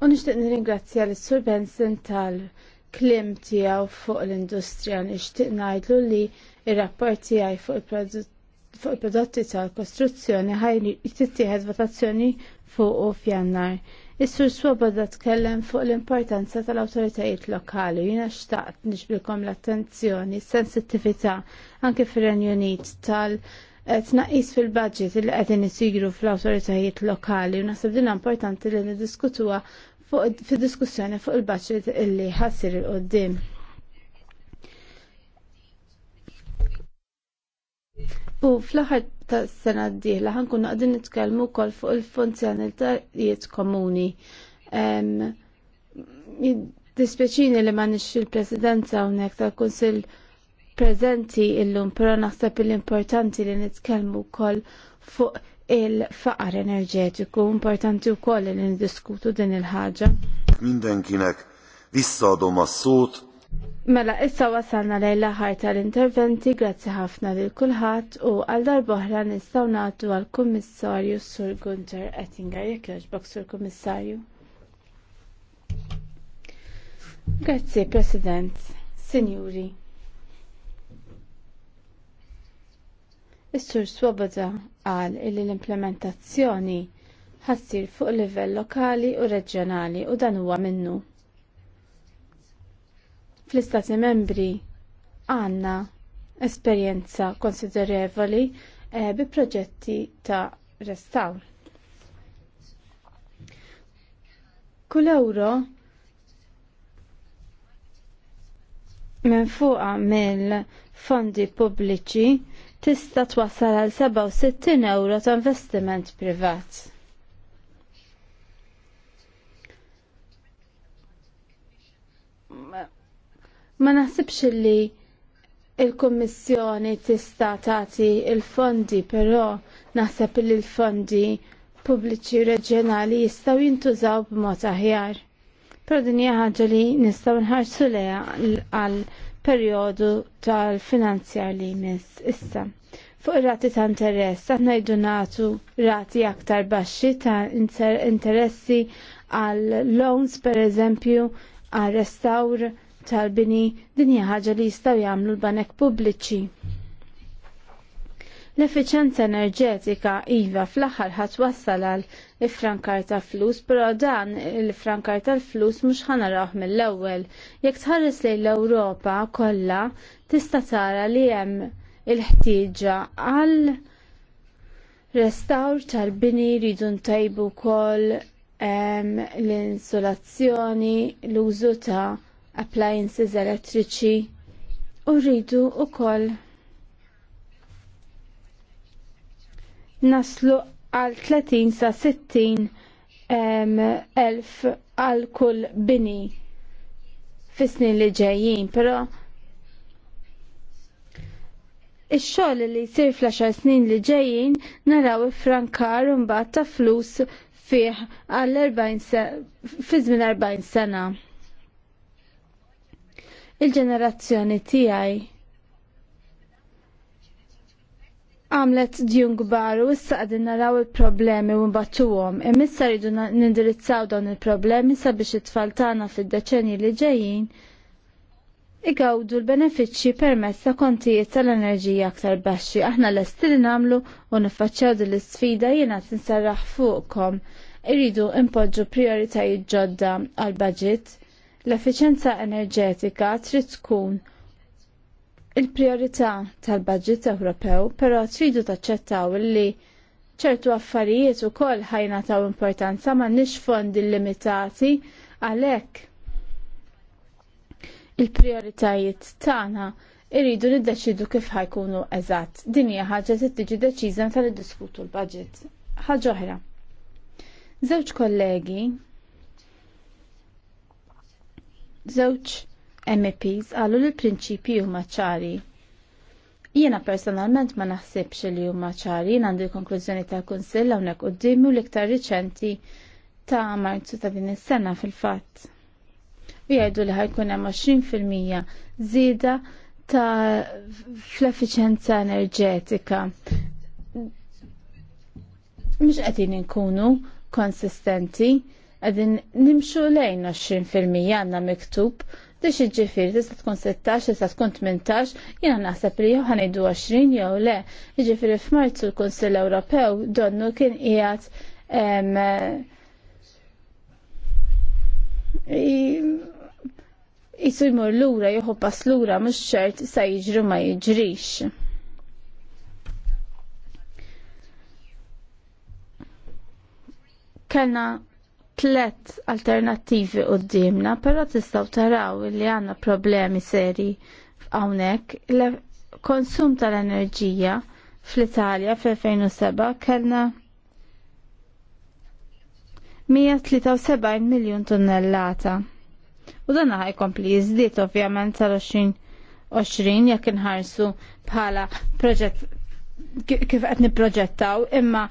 U nixtieq nirringrazzja lis sur Benson tal-klim tiegħu fuq l-industrija nixtieq ngħidlu li r rapport tiegħi fuq il-produtt fuq il-prodotti tal-kostruzzjoni ħajli jittieħed votazzjoni fuq u f'jannar. Is-sur Swoboda tkellem fuq l-importanza tal-awtoritajiet lokali. Jiena xtaqt nixbilkom l-attenzjoni, s anke fir-Renju Unit tal- tnaqis fil-budget li qegħdin isiru fl-awtoritajiet lokali u naħseb din importanti li niddiskutuha fuq diskussjoni fuq il-budget illi ħassir il-qoddim. U fl-aħħar ta' sena d-dieħla ħankun għadin nitkellmu wkoll fuq il-funzjonalitajiet komuni. Dispjaċini li ma nix il-presidenza hawnhekk tal-Kunsill prezenti illum, però naħseb l-importanti li nitkellmu wkoll fuq il-faqar enerġetiku, importanti wkoll li niddiskutu din il-ħaġa. Mindenkinek visszaadom a szót, Mela, issa wasalna lejn l-aħħar tal-interventi, grazzi ħafna lil kulħadd u għal darboħra nistgħu nagħtu għall kummissarju Sur Gunter Ettinger jekk jogħġbok Sur Kummissarju. Grazzi, President, Sinjuri. Is-Sur Swoboda qal li l-implementazzjoni ħassir fuq livell lokali u reġjonali u dan huwa minnu fl-istati membri għanna esperjenza konsiderevoli eh, bi proġetti ta' restawr. Kull euro minn fuqa mill-fondi pubbliċi tista' twassal għal 67 euro ta' investiment privat. Ma naħsibx li il-Kommissjoni tista' tagħti il-fondi, però naħseb li l-fondi pubbliċi reġjonali jistgħu jintużaw b'mod aħjar. Però din hija ħaġa li nistgħu nħarsu leha għal perjodu tal-finanzjar li jmiss issa. Fuq ir-rati ta' interess, aħna jdu nagħtu rati aktar baxxi ta' interessi għal loans pereżempju għal restawr tal-bini din hija ħaġa li jistgħu jagħmlu l-banek pubbliċi. l effiċjenza enerġetika iva fl-aħħar ħadd wassal għal ifrankar ta' flus, però dan il-frankar tal-flus mhux ħanaraw mill-ewwel. Jekk tħares lejn l-Ewropa kollha tista' tara li hemm il-ħtieġa għal restawr tal-bini ridu ntajbu wkoll l-insolazzjoni, l-użu ta' appliances elettriċi u rridu wkoll naslu għal 30 sa 60 um, elf għal kull bini fis-snin li ġejjin, però Ix-xogħol li jsir fl-10 snin li ġejjin naraw ifrankar imbagħad ta' flus fih għall-40 fi żmien 40 sena il-ġenerazzjoni tiegħi għamlet djun gbar u issa għadin naraw il-problemi u mbattuhom. Imissa rridu nindirizzaw dawn il-problemi sabiex it-tfal tagħna fid-deċenji li ġejjin igawdu l-benefiċċji permezz ta' kontijiet tal-enerġija aktar baxxi. Aħna lesti li nagħmlu u niffaċċjaw din l-isfida jiena tinsarraħ fuqkom. Iridu impoġġu prioritajiet ġodda għal-budget L-efficienza enerġetika trid tkun il-priorità tal-budget Ewropew, però tridu taċċettaw li ċertu affarijiet u koll ħajna taw importanza ma nix fondi limitati għalek il-prioritajiet tagħna irridu niddeċidu kif ħajkunu eżatt. Din hija ħaġa li tiġi deċiża tal-diskutu l-budget. Ħaġa oħra. Żewġ kollegi Żewġ MPs għallu li l-prinċipji huma ċari. Jiena personalment ma naħsibx li huma ċari għandu l-konklużjoni tal-Kunsill hawnhekk u l-iktar riċenti ta' Marzu ta' din is-sena fil-fatt. U jgħidu li ħajkun hemm 20% żieda ta' fl-effiċenza enerġetika. Mhux qegħdin inkunu konsistenti għadin nimxu lejn 20% għanna miktub, dix iġifiri, tista tkun 16, tista tkun 18, jena naħseb li jow ħanajdu 20 jew le, iġifiri f'Marzu l-Konsil Ewropew donnu kien ijat jisu jmur l-ura, juhu pas l-ura, mux ċert sa jġru ma jiġrix. Kena tlet alternattivi dimna però tistaw taraw li għanna problemi seri għawnek, Il-konsum tal-enerġija fl-Italja fl-2007 kellna 173 miljon tonnellata. U dan ħaj kompli jizdit ovvjament tal-2020 jekk inħarsu bħala proġett kif qed nipproġettaw imma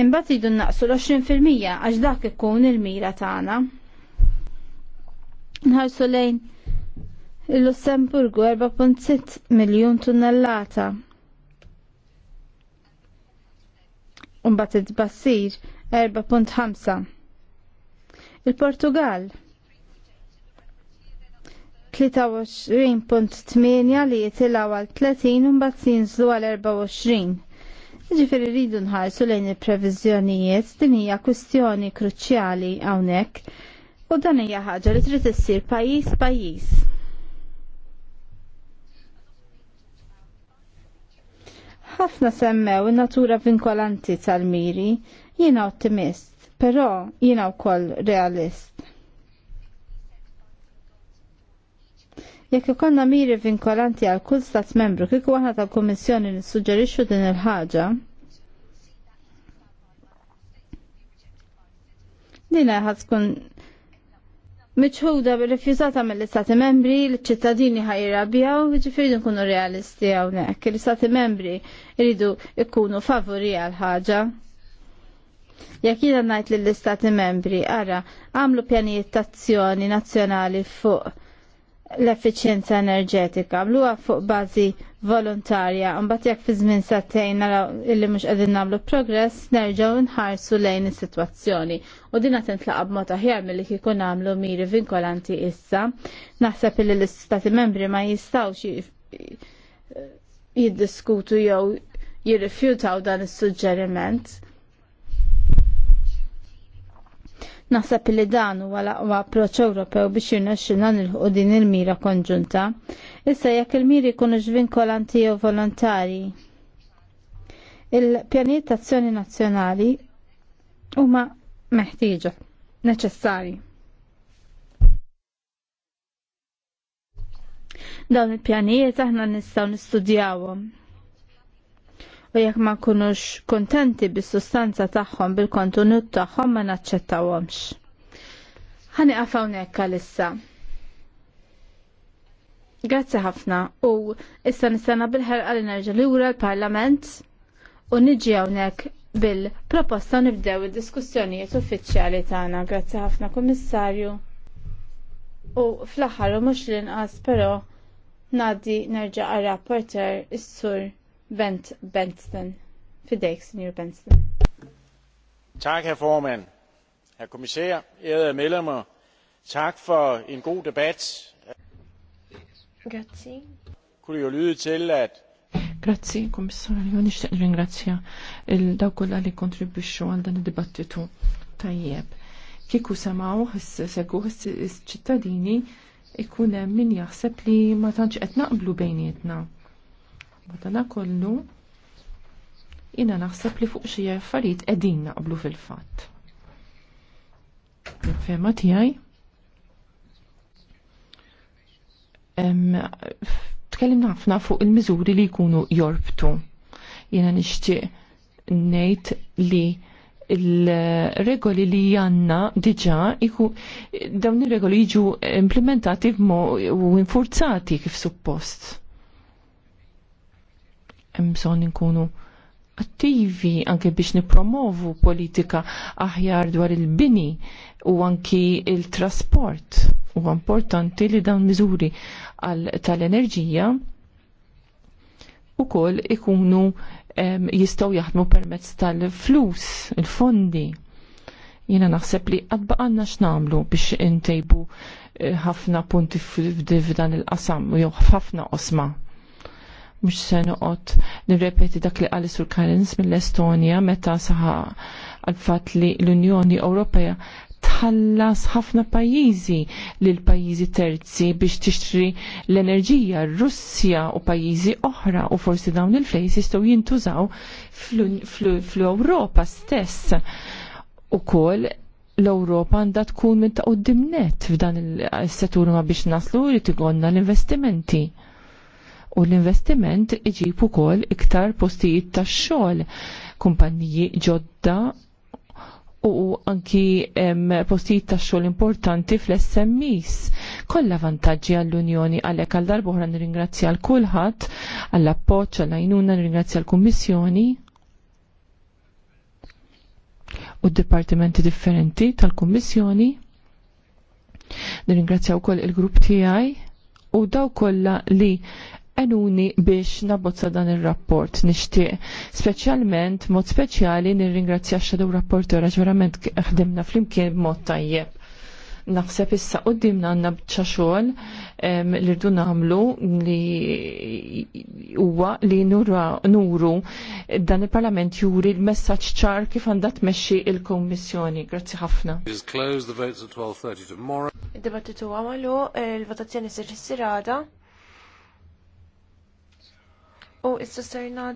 Imbagħad idu naqsu l-20% għax dak ikun il-mira tagħna. Nħarsu lejn il-Lussemburgu 4.6 miljun tunnellata. Imbagħad id-Bassir 4.5. Il-Portugal 23.8 li jitilaw għal 30 un bat jinżlu għal 24. Ġifiri rridu nħarsu lejn il-previżjonijiet din hija kwistjoni kruċjali hawnhekk u dan hija ħaġa li trid issir pajjiż pajjiż. Ħafna semmew in-natura vinkolanti tal-miri, jiena ottimist, però jiena wkoll realist. Jekk ikonna miri vinkolanti għal kull stat membru kieku aħna tal-Kummissjoni nissuġġerixxu din il-ħaġa, din ħad tkun miċħuda bil-rifjużata mill-istati membri li ċittadini ħajrabjaw, ġifiri nkunu realisti hawnhekk. L-istati membri jridu ikunu favori għal ħaġa. Jekk jiena ngħid lill-istati membri, ara, għamlu pjanijiet tazzjoni nazzjonali fuq l-effiċjenza enerġetika. Bluha fuq bażi volontarja, mbagħad jekk fi żmien sattejn naraw illi mhux qegħdin nagħmlu progress, nerġgħu nħarsu lejn is-sitwazzjoni. U din qed intlaqa b'mod aħjar milli kieku nagħmlu miri vinkolanti issa. Naħseb illi l-istati membri ma jistgħux jiddiskutu jew jirrifjutaw dan is-suġġeriment. Naħseb li dan huwa aqwa approċċ Ewropew biex jirnexxina nilħu din il-mira konġunta. Issa jekk il-miri jkunu xvinkolanti jew volontari. Il-pjanijiet azzjoni nazzjonali huma meħtieġa, neċessari. Dawn il-pjanijiet aħna nistgħu nistudjawhom u jekk ma nkunux kontenti bis-sustanza tagħhom bil-kontenut tagħhom ma naċċettawhomx. Ħani hawnhekk għalissa. Grazzi ħafna u issa nistana bil-ħerqa li nerġa' lura l-Parlament u niġi hawnhekk bil-proposta nibdew id-diskussjonijiet uffiċjali tagħna. Grazzi ħafna Kummissarju. U fl-aħħar u mhux l-inqas però ngħaddi nerġa' għar-rapporter is-sur Bent Benston. Fidejk, Sr. Benston. Tak, herr formand. Herr kommissær, ærede medlemmer, tak for en god debat. Grazie. Kunne jo lyde til, at Grazie, kommissar. Grazzi, kommissarju, nishtiq ringrazzja il-daw kollha li kontribwixxu għal dan id-dibattitu tajjeb. Kieku semaw segu s-ċittadini ikun min jaħseb li ma tantx qed naqblu bejnietna. Madana kollu jina naħseb li fuq xie affarijiet qegħdin naqblu fil-fatt. Fema tiegħi? Tkellim ħafna fuq il-miżuri li jkunu jorbtu. Jena nixtieq ngħid li il-regoli li janna diġa dawn ir-regoli jiġu implementati u infurzati kif suppost hemm bżonn inkunu attivi anke biex nipromovu politika aħjar dwar il-bini u anki il-trasport. U importanti li dawn miżuri tal-enerġija u koll ikunu jistaw jaħdmu permezz tal-flus, il-fondi. Jena naħseb li għadba għanna x'namlu biex intejbu eh, ħafna punti f'dan il-qasam u jew ħafna osma mux se noqot nirrepeti dak li għalli sur Karens mill-Estonja meta saħa għal-fat li l-Unjoni Ewropea tħallas ħafna pajjiżi lil pajjiżi terzi biex tixtri l-enerġija Russja u pajjiżi oħra u forsi dawn il-flejs jistgħu jintużaw fl-Ewropa stess. Ukoll l-Ewropa għandha tkun minn ta' net f'dan il-settur ma biex naslu li tigonna l-investimenti u l-investiment iġib ukoll iktar postijiet tax-xogħol, kumpanniji ġodda u anki postijiet ta' xogħol importanti fl-SMEs. Kollha vantaġġi għall-Unjoni għalhekk għal darbohra nirringrazzja għal kulħadd għall appoġġ għall għajnuna nirringrazzja l kummissjoni u d-dipartimenti differenti tal-Kummissjoni. Nirringrazzja wkoll il-grupp tiegħi u daw kollha li enuni biex nabbozza dan il-rapport nishtiq. Speċjalment, mod speċjali nirringrazzja xadu rapportora ġverament ħdimna fl-imkien b'mod tajjeb. Naħseb issa dimna għanna bċa xogħol li rridu nagħmlu li huwa li nuru dan il-Parlament juri l-messaġġ ċar kif għandha tmexxi il-Kommissjoni. Grazzi ħafna. Id-dibattitu għamalu il-votazzjoni s sirada. U s-sisterna